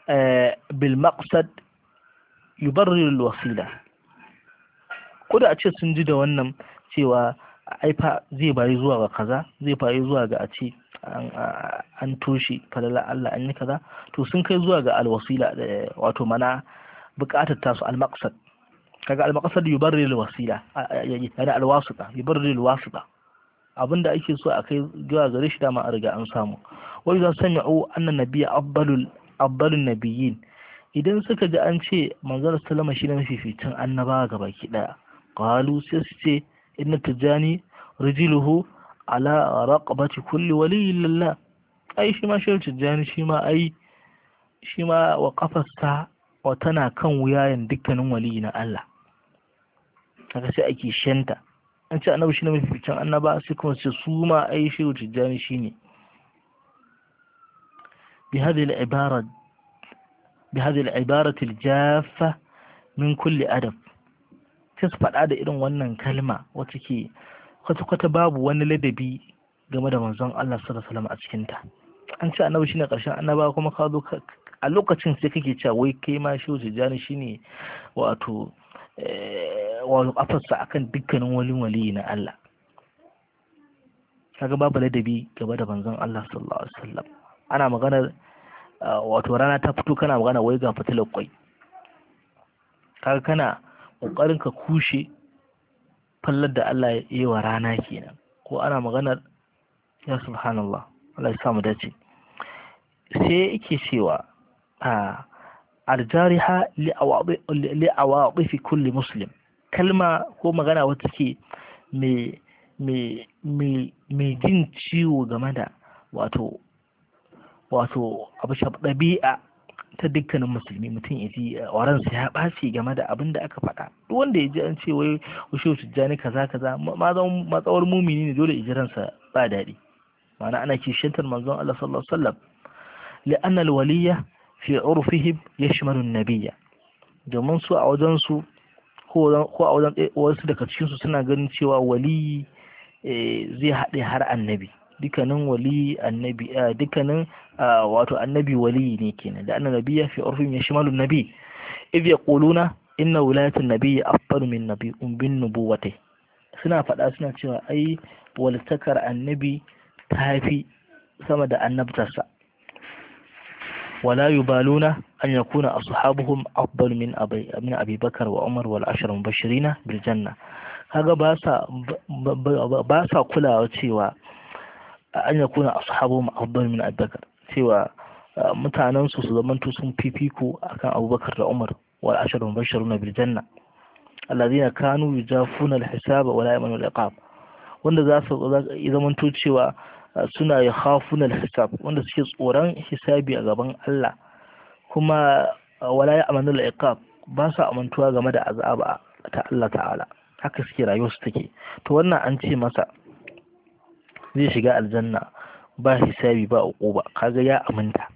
eh, bil maqsad yubarrir al wasila kuda a ce sun ji da wannan cewa ai fa zai bari zuwa ga kaza zai bayi zuwa ga a ce an toshe falala Allah an yi kaza to sun kai zuwa ga alwasila wato mana buƙatar tasu almaqsad kaga almaqsad yubarri alwasila yana alwasita yubarri alwasita abinda ake so a kai zuwa gare shi dama a riga an samu wa idza sami'u anna nabiyya afdalul afdalun nabiyyin idan suka ji an ce manzon sallama shine mafificin annabawa baki daya qalu sai su ce inna tijani rijiluhu ala raqabati kulli waliyin lillah ai shi ma shehu tijjani shi ma ai shi ma wa kafasta wa tana kan wuyayen dukkanin waliyi na Allah haka sai ake shanta an ce annabi mafi mafificin annaba sai kuma sai su ma ai shi tijjani shine bi hadhihi al-ibara bi hadhihi al-ibara al-jaffa min kulli adab sai su faɗa da irin wannan kalma wacce ke kwata-kwata babu wani ladabi game da manzon Allah sallallahu alaihi wasallam a cikin ta an ce annabi shine karshen annaba kuma ka zo a lokacin sai kake cewa wai kai ma shi jani shine wato eh, wato kafarsa akan dukkanin wani wali na Allah kaga babu ladabi game da manzon Allah sallallahu alaihi wasallam ana maganar ah, wato rana ta fito kana magana wai ga fitilar kwai kaga kana kokarin ka kushe fallar da Allah ya yi wa rana kenan ko ana maganar ya subhanallah Allah ya sa mu dace sai yake cewa a ah, aljariha li kulli muslim kalma ko magana wata ke mai jin ciwo game da wato wato abu ɗabi'a ta dukkanin musulmi mutum ya ji eh, su ya ɓaci game da abin da aka faɗa duk wanda ya ji an ce wai ushe jani kaza kaza matsawar mumini ne dole ransa ba daɗi ma'ana ana kishantar manzon Allah sallallahu alaihi wasallam li'an alwaliya fi urfihim yashmalu nabiyya domin su a wajen su ko a wajen eh, wasu daga cikin su suna ganin cewa wali eh, zai haɗe har annabi dukkanin wali annabi eh, dukkanin ah, wato annabi wali ne kenan da annabi ya fi urfin ya shimalun nabi idh yaquluna inna wilayatul nabi afdalu min nabiyyun bin nubuwati suna faɗa suna cewa ai walitakar annabi ta fi sama da annabtarsa wala yubaluna an yakuna ashabuhum afdalu min abi min abi bakar wa umar wal ashra mubashirina bil janna kaga ba sa ba sa kulawa cewa an ya kuna ashabu afdal min abubakar cewa uh, mutanen su su zamanto sun fifiko akan abubakar da umar wal ashar mubashiruna bil janna alladhina kanu yujafuna al hisaba wa la yamanu al iqab wanda za su zamanto cewa uh, suna yakhafuna al hisab wanda suke tsoron hisabi a gaban Allah kuma uh, wala yamanu al iqab ba su amantuwa game da azaba ta Allah ta'ala haka suke rayuwar su take to wannan an ce masa zai shiga aljanna ba hisabi ba uquba kaga ya aminta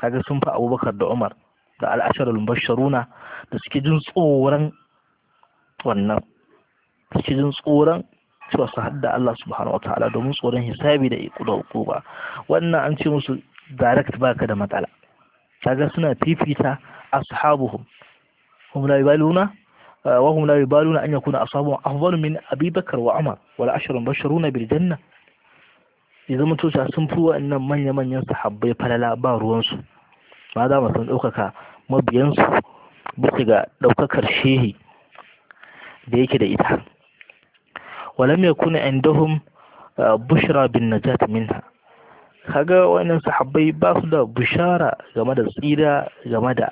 kaga sun fa abubakar da umar da al'asharul basharuna da suke jin tsoron wannan suke jin tsoron cewa su hadda Allah subhanahu wataala domin tsoron hisabi da da uquba wannan an ce musu direct baka da matsala kaga suna fifita ashabuhum hum la yubaluna وهم لا يبالون أن يكون أصحابهم أفضل من أبي بكر وعمر basharuna bil janna ya zama sun fi wa'annan manya-manyan sahabbai falala ba ruwansu ba za mu san ɗaukaka mabiyansu bisa ga ɗaukakar shehi da yake da ita walam kuna indahum ah, bushra bin najat minha kaga wannan sahabbai ba su da bushara game da tsira game da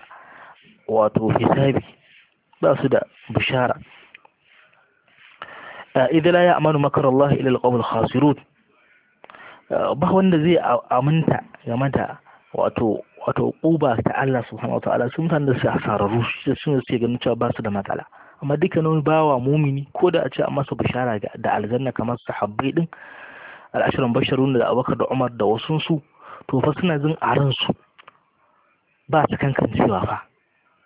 wato hisabi ba su da bushara ah, idan la ya'manu makar Allah ila alqawm alkhasirun Eh, ba wanda zai aminta game da wato wato ƙuba ta Allah subhanahu wa ta'ala sun mutanen da a asararru su ne ganin cewa ba su da matsala amma duka dukkanin bawa mumini ko da a ce a masa bishara da aljanna kamar su sahabbai din al'ashirin basharun da abubakar da umar da wasu su to fa suna jin a ransu ba su kankan cewa fa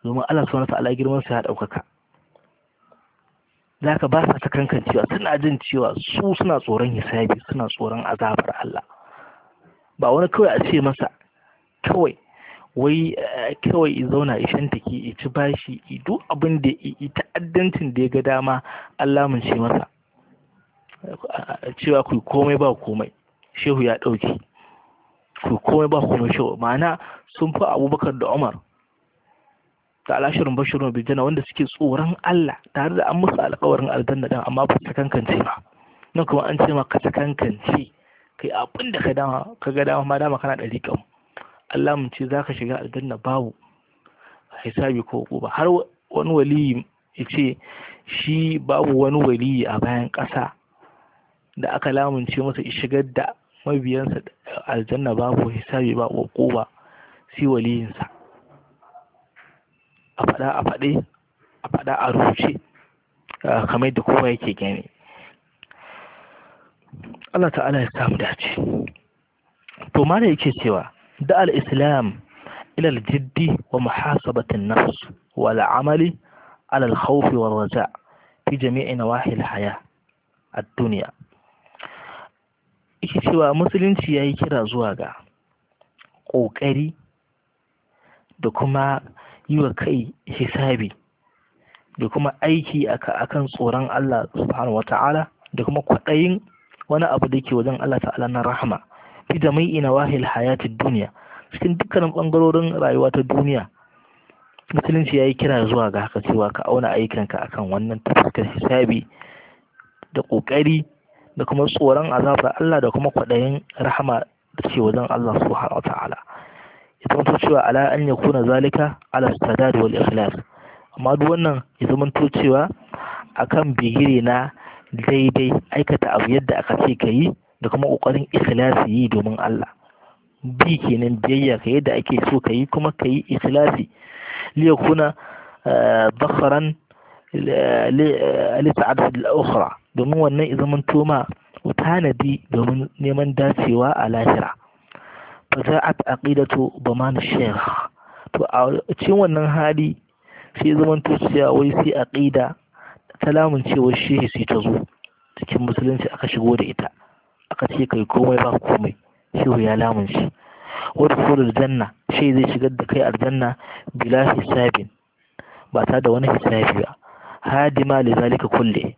domin Allah subhanahu wa girman su ya ɗaukaka Zaka ka ba sa ta kankancewa suna jin cewa su suna tsoron hisabi suna tsoron azabar Allah ba wani kawai a ce masa kawai wai eh, kawai i zauna i ke, i ci bashi i duk abin da i ta'addancin da ya ga dama Allah mun ce masa cewa ku komai ba komai shehu ya ɗauki ku komai ba komai shehu ma'ana sun fi abubakar da umar ta alashirin bashirun biljana wanda suke tsoron Allah tare da an musu alkawarin aljanna din amma ba ta kankance ba nan kuma an ce ma ka ta kankance kai abin da ka dama ka ga dama ma dama kana ɗari kan Allah mun ce zaka shiga aljanna babu hisabi ko ba har wani wali ya ce shi babu wani waliyi a bayan ƙasa da aka lamunce masa shigar da mabiyansa aljanna babu hisabi ba ko ba sai waliyinsa a faɗa a faɗe a faɗa a rubuce kamar yadda kowa yake gani Allah ta'ala ya samu dace to ma yake cewa da al-islam ila al-jiddi wa muhasabati an-nafs wa al-amali ala al-khawf wa raja fi jami'i nawahi al-haya ad-dunya yake cewa musulunci yayi kira zuwa ga kokari da kuma yi wa kai hisabi da kuma aiki akan tsoron Allah subhanahu wata'ala da kuma kwaɗayin wani abu da ke wajen Allah ta'ala na rahama fi da mai ina wahil hayatin duniya cikin dukkanin ɓangarorin rayuwa ta duniya musulunci ya yi kira zuwa ga haka cewa ka auna ayyukanka akan wannan tafaskar hisabi da ƙoƙari da kuma tsoron azabar Allah da kuma kwaɗayin rahama da ke wajen Allah subhanahu wata'ala ya cewa ala an ya kuna zalika ala sadad wal ikhlas amma duk wannan ya cewa akan bigire na daidai aikata abu yadda aka ce ka yi da kuma ƙoƙarin ikhlasi yi domin Allah bi kenan biyayya ka yadda ake so ka yi kuma ka yi ikhlasi liya kuna eh, bakharan lisa'ad eh, al-ukhra domin wannan ya ma toma tanadi domin neman dacewa a lahira fasa'at aqidatu baman shaykh to a cikin wannan hali sai zaman to wai sai aqida salamun cewa shehi sai ta zo cikin musulunci aka shigo da ita aka ce kai komai ba komai shehu ya lamun shi wata kodar janna shi zai shigar da kai aljanna bila hisabin ba ta da wani hisabi ba hadima li zalika kulle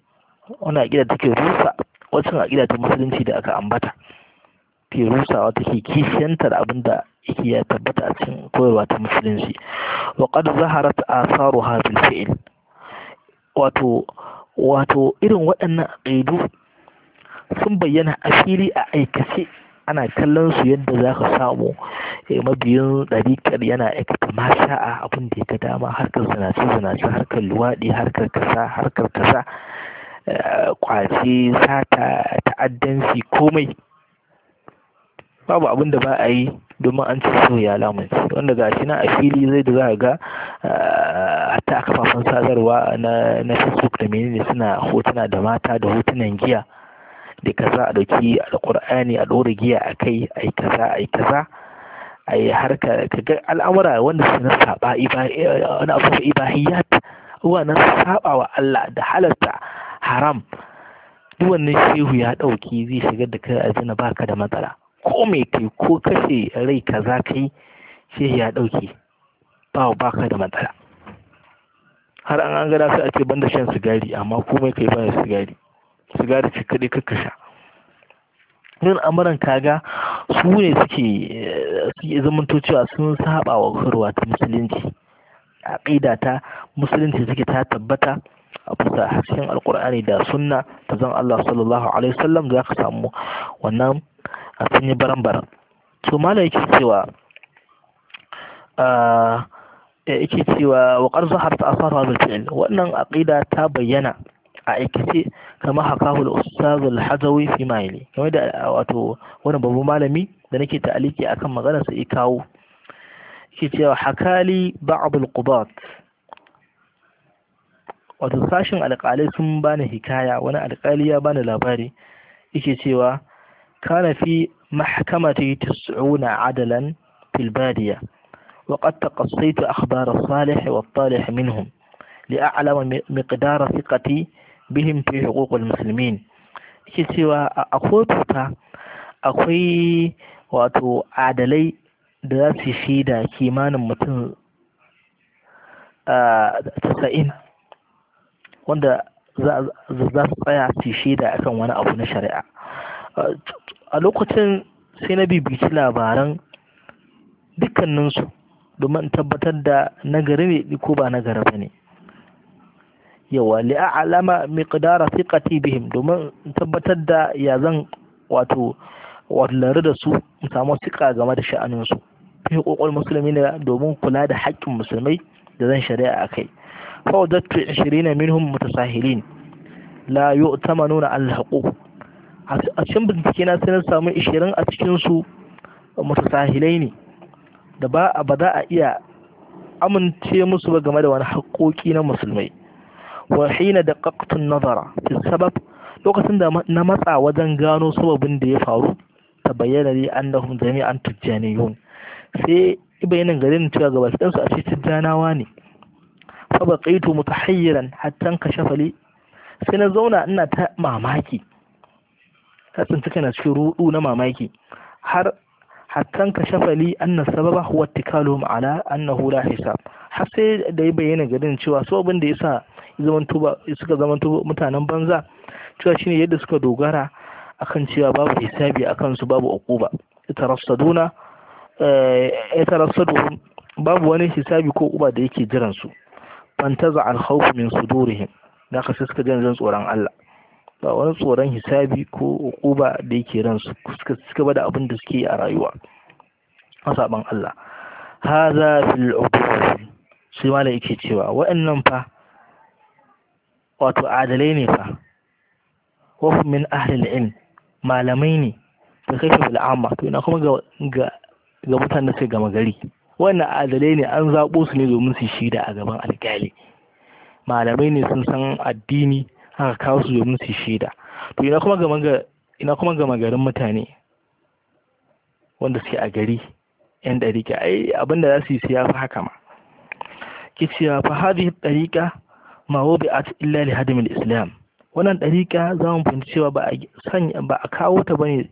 wani aqida take rufa wacin aqida ta musulunci da aka ambata take rusawa take kishiyantar abin da yake ya tabbata a cikin koyarwa ta musulunci wa qad zaharat asaru bil fi'l wato wato irin waɗannan aqidu sun bayyana a fili a aikace ana kallon su yadda za ka samu eh, mabiyin ɗariƙar yana aikata masha a abin da ya ga dama harkar zinace zinace harkar luwaɗi harkar kasa harkar kasa kwace eh, sata ta'addanci komai babu abin da ba a yi domin an ci so ya lamunci wanda ga shi na a fili zai da za ga ah, hatta a kafafen sadarwa na facebook da menene suna hotuna da mata da hotunan giya da kaza a dauki alkur'ani a ɗora giya a kai a yi kaza a yi kaza a yi harka kaga al'amura wanda su na saba eh, wani abu ibahiyat na saba wa Allah da halarta haram duk wannan shehu ya ɗauki zai shigar da kai a ba baka da matsala ko mai kai ko kashe rai kaza kai shi ya ɗauke ba ba ka da matsala har an an gada sai a ce da shan sigari amma komai kai baya sigari sigari ce kadai ka sha yin amuran kaga su ne suke suke zamanto cewa sun saba wa kurwa ta musulunci ƙaida ta musulunci suke ta tabbata a fusa hasken alkur'ani da sunna ta zan Allah sallallahu alaihi wasallam za ka samu wannan a sun yi baran-baran to mala yake cewa eh, yake cewa wa ƙarzu har ta asara wa fi'l wannan aƙida ta bayyana a aikace kama haka al-ustaz al-hazawi fi maili kamar da wato wani babu malami da nake a akan maganar sa ya kawo yake cewa hakali ba'd al-qudat wato sashin alƙalai sun bani hikaya wani alƙali ya bani labari yake cewa كان في محكمة تسعون عدلا في البادية وقد تقصيت أخبار الصالح والطالح منهم لأعلم مقدار ثقتي بهم في حقوق المسلمين سوى أخوتك أخي واتو عدلي دراس شيدا كيمان متن آه تسعين وانت زاد زاد قاعد تشيدا أكون وأنا أبو نشرع a lokacin sai na bibici labaran dukkaninsu domin in tabbatar da nagari ne ko ba nagari ba ne yawa li'a'alama miqdara thiqati bihim domin in tabbatar da ya zan wato da su in samu siƙa game da sha'aninsu fi kokol musulmi ne domin kula da haƙƙin musulmai da zan shari'a a kai fa wajadtu 20 minhum mutasahilin la yu'tamanuna al-huquq a cikin bincike na sai na samu ishirin a cikinsu mutasahilai ne da ba a ba za a iya amince musu ba game da wani haƙoƙi na musulmai wa hina da ƙaƙtun nazara fi sabab lokacin da na matsa wajen gano sababin da ya faru ta bayyana ne an da hun jami'an tujjaniyun sai bayanin garin cewa gaba ɗansu a cikin tujjanawa ne fa baƙaitu mutahayyiran hatta kashe fali sai na zauna ina ta mamaki ta tsinci na cikin rudu na mamaki har hattan ka shafali anna sababa huwa tikaluhum ala annahu la hisab har sai da ya bayyana garin cewa sababin da yasa suka zamanto mutanen banza cewa shine yadda suka dogara akan cewa babu hisabi akan su babu uquba itarassaduna itarassaduhum eh, babu wani hisabi ko uba da yake jiran su fantaza al khawf min sudurihim da ka sai suka jiran tsoron Allah ba wani tsoron hisabi ko ukuba da yake ransu suka bada abin da suke a rayuwa a saban Allah haza fil ubuwati sai mala yake cewa wa'annan fa wato adalai ne fa wa min ahli al-ilm malamai ne da kai fil amma to ina kuma ga ga ga mutanen sai gama gari wannan adalai ne an zabo su ne domin su shida a gaban alƙali malamai ne sun san addini aka kawo su domin su shaida to ina kuma ga ina kuma ga magarin mutane wanda suke a gari yan dariƙa ai abinda za su yi sai ya fa haka ma ki cewa fa hadhihi dariƙa ma at illa li hadim al-islam wannan dariƙa za mu fahimci cewa ba a sanya ba a kawo ta bane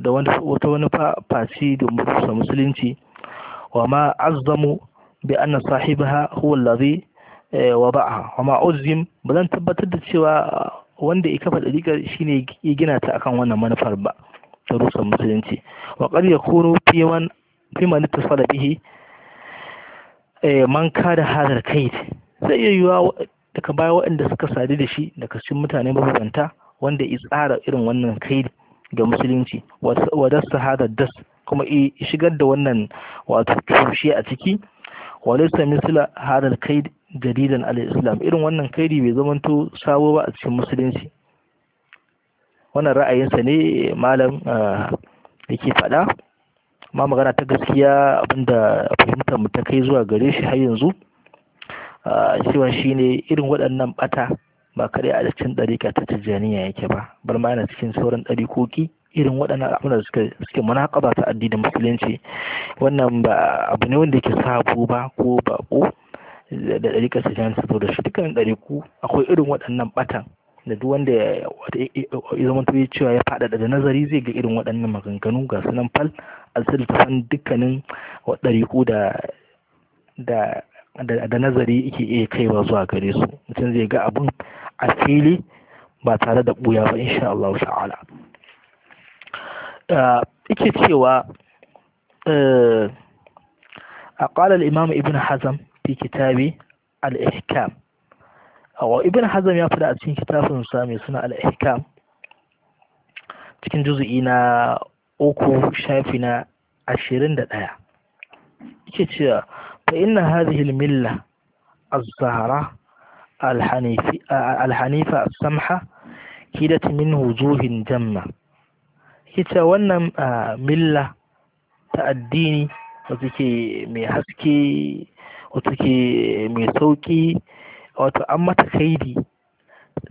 da wanda wata wani fasi domin musulunci wa ma azzamu bi anna sahibaha huwa alladhi Eh, wa ba'a wa ma'uzim ba zan tabbatar da cewa wanda ya kafa shi shine ya gina ta akan wannan manufar ba ta rusa musulunci wa qad yakunu fi man fi man tasala bihi eh, man kada hadar kai zai iya yiwuwa daga baya waɗanda suka sadu da shi daga cikin mutane mabubanta wanda ya tsara irin wannan kai ga musulunci wa dasta hadar das kuma shigar da wannan wato tushe a ciki wa laysa misla hadar kai jadidan al irin wannan kairi bai zamanto sabo ba a cikin musulunci wannan ra'ayinsa ne malam ah, yake faɗa ma magana ta gaskiya abinda fahimtar mu ta kai zuwa gare shi har yanzu ah, cewa ne irin waɗannan ɓata ba kare a cikin ɗariƙa ta tijjaniya yake ba bar ma yana cikin sauran ɗarikoki irin waɗannan abin da suke suke munaƙaba ta addinin musulunci wannan ba abu ne wanda yake sabo ba ko baƙo da ɗariƙar tijjani su da shi dukkan ɗariƙu akwai irin waɗannan ɓatan da duk wanda ya zama to cewa ya faɗaɗa da nazari zai ga irin waɗannan maganganu ga sunan fal a littafan dukkanin ɗariƙu da da da nazari yake iya kaiwa zuwa gare su mutum zai ga abun a fili ba tare da ɓuya ba insha Allah ta'ala ike ah, cewa eh, a ƙalar imam ibn hazam fi kitabi al-ihkam awa ibn hazm ya fada a cikin kitabun sa mai suna al-ihkam cikin juzu'i na uku shafi na ashirin da ɗaya yake cewa fa inna hadhihi al-milla az-zahra al al-hanifa as-samha kidat min wujuhin jamma yake wannan ah, milla ta addini wata ke mai haske wato ke mai sauƙi wato an mata kaidi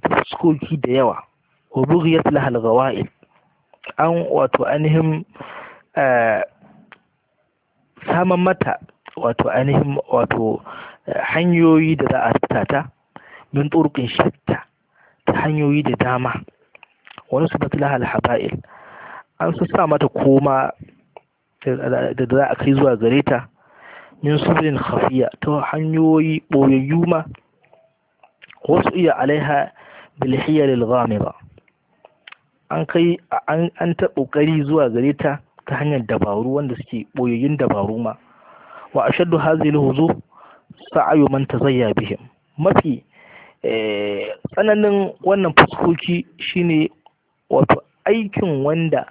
ta fuskoki da yawa wa bughiyat lahal ghawail an wato ainihin eh, saman mata wato ainihin wato eh, hanyoyi da za a fita ta min turkin shatta ta hanyoyi da dama wani su batu lahal haba'il an su sa mata koma da za a kai zuwa gare ta min sirrin khafiya ta hanyoyi boyayyu ma wasu iya alaiha bil hiyal ghamira an kai an ta kokari zuwa gare ta ta hanyar dabaru wanda suke boyayyun dabaru ma wa ashaddu hazil huzuf sa'ayu man tazayya bihim mafi eh, tsananin wannan fuskoki shine wato aikin wanda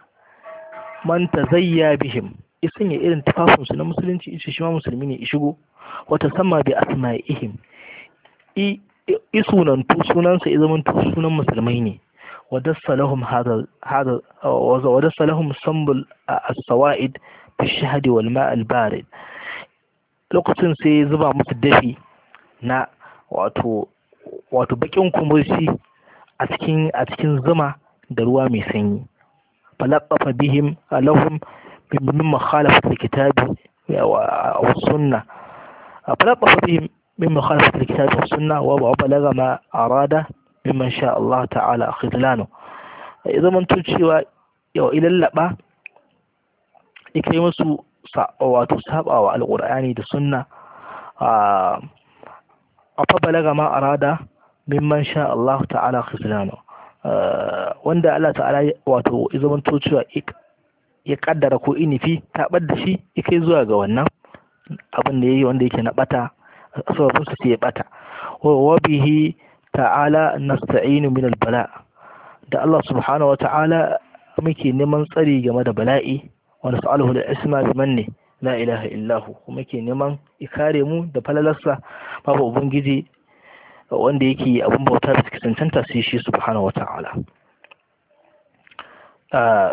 man tazayya bihim ya sanya irin tufafinsu na musulunci ishe shi ma musulmi ne shigo wata sama bi asma'ihim i sunan tu sunansa ya zaman sunan musulmai ne wadda لهم sambul a asawa'id ta shahadi wal ma'al والماء lokacin sai ya zuba musu dafi na wato wato bakin kumurci a cikin a cikin zuma da ruwa mai sanyi falaqafa bihim lahum مما خالف الكتاب أو السنة فلطف بهم مما خالف الكتاب أو السنة وبلغ ما أراد مما شاء الله تعالى خذلانه إذا من تجي و... و... إلى اللعبة يكلمسوا سا... وتسهب أو القرآن دي السنة آ... آه، ما أراد مما شاء الله تعالى خذلانه آ... آه، وإن الله تعالى وإذا من تجي و... ya kaddara ko inifi ta ɓad da shi ya kai zuwa ga wannan abin da yayi wanda yake na bata sababin su sai ya bata wa wabihi ta'ala nasta'inu min bala da Allah subhanahu wata'ala muke neman tsari game da bala'i wa nas'aluhu al-isma bi manni la ilaha illahu kuma neman ikare mu da falalarsa babu ubangiji wanda yake abin bauta da suke cancanta sai shi subhanahu wata'ala ah,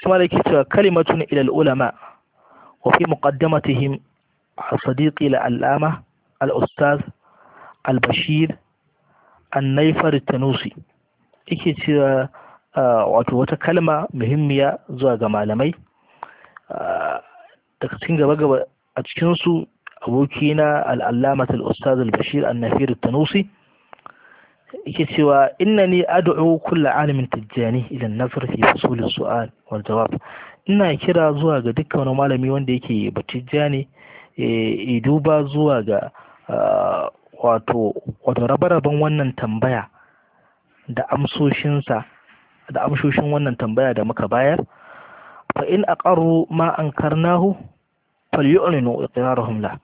shi ma da yake cewa kalimatun ilal ulama wa fi muqaddamatihim sadiqi al-allama al-ustaz al-bashir an-naifar tanusi yake cewa wato wata kalma muhimmiya zuwa ga malamai daga cikin gaba-gaba a cikinsu abokina al-allama al-ustaz al-bashir an-naifar tanusi yake cewa ni ad'u kullu alimin tijjani ila nazar fi usul sual wal jawab ina kira zuwa ga dukkan wani malami wanda yake batijjani e duba zuwa ga ah, wato wato rabaraban wannan tambaya da amsoshinsa da amsoshin wannan tambaya da muka bayar fa in aqarru ma ankarnahu falyu'linu iqrarahum la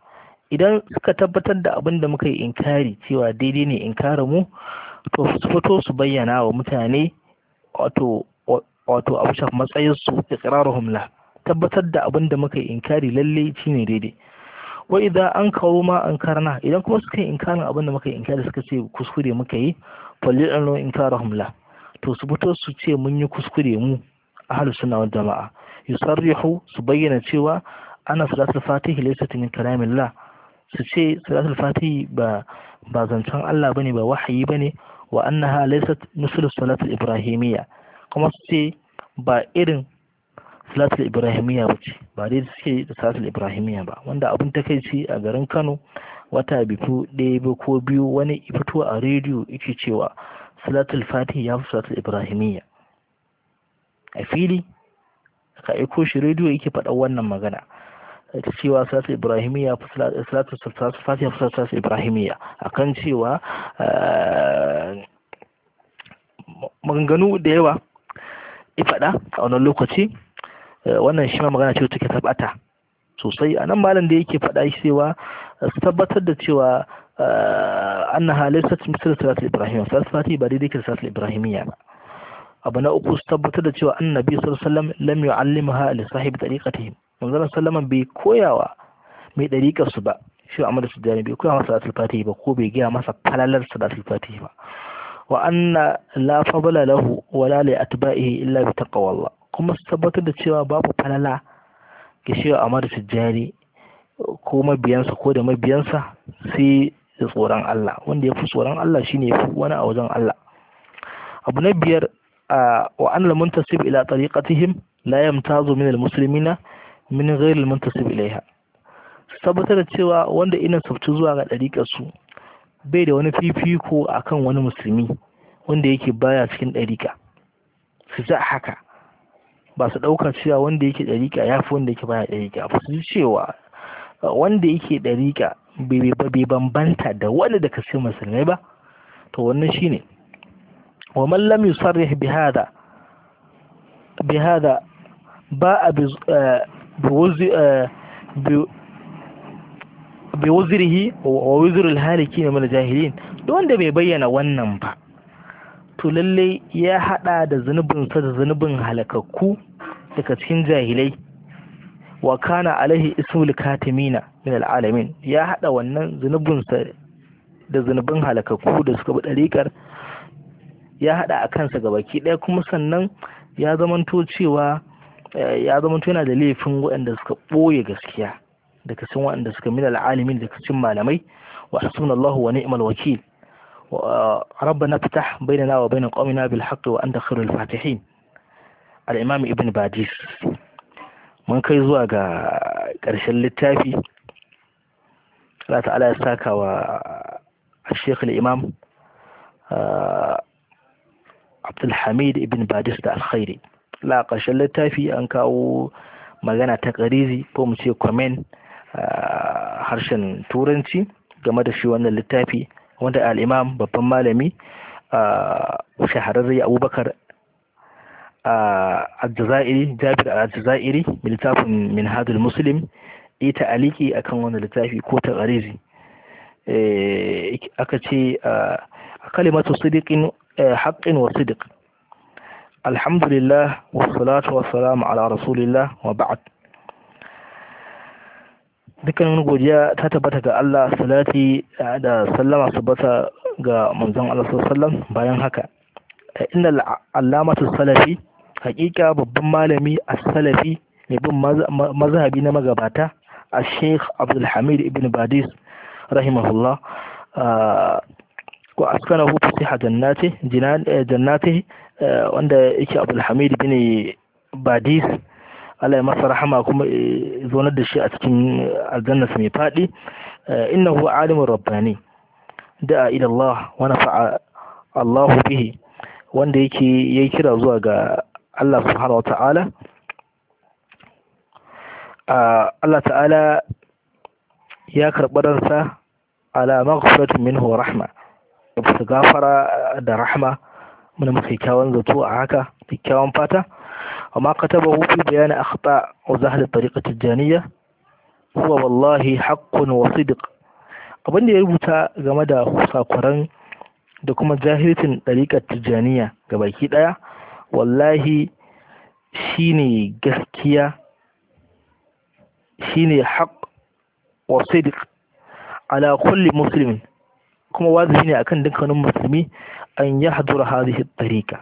idan suka tabbatar da abin da muka yi inkari cewa daidai ne inkara mu to su fito su bayyana wa mutane wato wato abu su matsayinsu iqraruhum humla tabbatar da abin da muka yi inkari lalle shi ne daidai wa idan an kawo ma an karna idan kuma suka yi inkarin abin da muka yi inkari suka ce kuskure muka yi falil'anu inkara humla to su fito su ce mun yi kuskure mu ahlus sunna wal jama'a yusarrihu su bayyana cewa ana salatul fatihi laysa min kalamillah su ce salatul fatihi ba ba zancen Allah bane ba wahayi bane wa annaha laysat nusul salatul ibrahimiyya kuma su ce ba irin salatul ibrahimiyya ba ce ba dai suke da salatul ibrahimiyya ba wanda abin takaici a garin Kano wata biyu ɗaya ba ko biyu wani fito a rediyo yake cewa salatul fatihi ya fi salatul ibrahimiyya a fili ka aiko shi rediyo yake faɗa wannan magana cewa salatu ibrahimiyya salatu fatiha salatu ibrahimiyya akan cewa eh, maganganu da yawa ifada a wannan lokaci eh, wannan shi ma magana ce take tabbata sosai a nan malam da yake faɗa shi cewa su tabbatar da cewa eh, annaha laysat misal salatu ibrahim salatu fatiha ba daidai ke salatu ibrahimiyya ba abu na uku su tabbatar da cewa annabi sallallahu alaihi wasallam lam yu'allimha li sahibi tariqatihim manzon sallama bai koyawa mai dariƙar su ba shi Amadu Sujani bai koya masa salatul fatihi ba ko bai gaya masa falalar salatul fatihi ba wa anna la fadla lahu wala li atba'ihi illa bi taqwallah kuma su tabbatar da cewa babu falala ga shi Ahmad Sujani ko mabiyansa ko da mabiyansa sai da tsoron Allah wanda ya fi tsoron Allah shine ya fi wani a wajen Allah abu na biyar wa an lam ila tariqatihim la yamtazu min al-muslimina min ghairil muntasib ilaiha tabbatar da cewa wanda ina sabtu zuwa ga dariƙar su bai da wani fifiko akan wani musulmi wanda yake baya cikin dariƙa su za haka ba su ɗauka cewa wanda yake dariƙa ya fi wanda yake baya dariƙa ba su cewa wanda yake dariƙa bai bambanta da wani da kasi musulmai ba to wannan shine wa man lam yusarrih bi hada bi hada ba a eh, bi wuzirhi wa wuzirul haliki na jahilin da wanda bai bayyana wannan ba to lalle ya hada da zunubin sa da zunubin halakakku daga cikin jahilai wa kana alaihi ismul katimina min alalamin ya hada wannan zunubin sa da zunubin halakakku da suka bi dariƙar ya hada a kansa gabaki ɗaya kuma sannan ya zamanto cewa Eh, ya zama yana da laifin waɗanda suka ɓoye gaskiya daga cikin waɗanda suka min al'alimin daga cikin malamai wa allahu wa ni'mal wakil ربنا افتح eh, bil وبين wa بالحق وأنت خير الفاتحين الإمام ibn badis mun kai zuwa ga ƙarshen littafi Allah ta'ala ya saka wa Sheikh al-Imam eh, Abdul Hamid ibn Badis da alkhairi la ƙarshen littafi an kawo magana ta ƙarizi ko mu ce kwamen harshen turanci game da shi wannan littafi wanda al'imam babban malami shahararri abubakar a jaza'iri jabir aljazairi littafin minhajul muslim ita aliki akan wannan littafi ko ta ƙarizi eh, aka ce kalimatu sidiqin eh, haƙƙin wa alhamdulillah wasalatu wasalamu ala rasulillah wa ba'ad dukkanin godiya ta tabbata ga Allah salati eh, da sallama su bata ga manzon Allah sallam bayan haka eh, innal allamatu salafi hakika babban malami as-salafi ne bin mazhabi na magabata a sheikh hamid ibn badis rahimahullah ah, wa askanahu fi jannati eh, jannati Eh, wanda yake abdulhamid bin badis Allah ya masa rahama kuma zonar da shi a cikin aljannarsa mai faɗi eh, innahu alimin rabbani da ila Allah wa nafa'a Allahu bihi wanda yake yayi kira zuwa ga Allah subhanahu wa ta'ala Allah ta'ala ya karɓi ransa ala maghfiratun minhu rahma gafara da rahma muna masa kyakkyawan zato a haka kyakkyawan fata amma katabahu fi bayan akhta wa zahra tariqa tijaniyya huwa wallahi haqqun wa sidq abin da ya rubuta game da sakwaran da kuma jahilcin ɗariƙar tijjaniya ga baki ɗaya wallahi shine gaskiya shine haƙ wa sidq ala kulli muslimin kuma wajibi ne akan dukkanin musulmi an yahdura hadhihi at-tariqa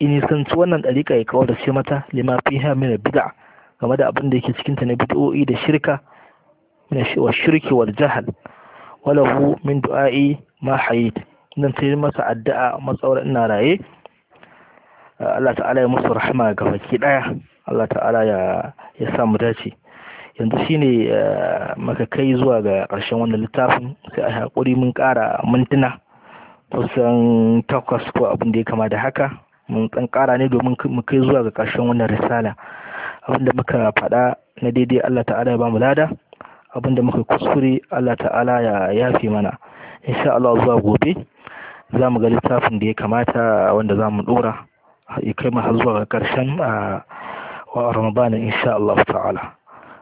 in sanci wannan dariƙa ya kawar da mata lima fiha min bid'a game da abin da yake cikin ta na bid'o'i da shirka min wa shirki wal jahl walahu min du'a'i ma hayit dan sai masa addu'a matsawar ina raye Allah ta'ala ya musu rahama ga baki daya Allah ta'ala ya ya sa mu dace yanzu shine eh, maka kai zuwa ga ƙarshen wannan littafin sai a hakuri mun ƙara mintuna kusan takwas ko abin da ya kama da haka mun ƙara ne domin mu kai zuwa ga ƙarshen wannan risala abin da muka faɗa na daidai Allah ta'ala ya bamu lada abin da muka kuskure Allah ta'ala ya yafe mana insha Allah zuwa gobe za mu ga littafin da ya kamata wanda za mu ɗora ya kai mu har zuwa ga ƙarshen ah, a Ramadan insha Allah ta'ala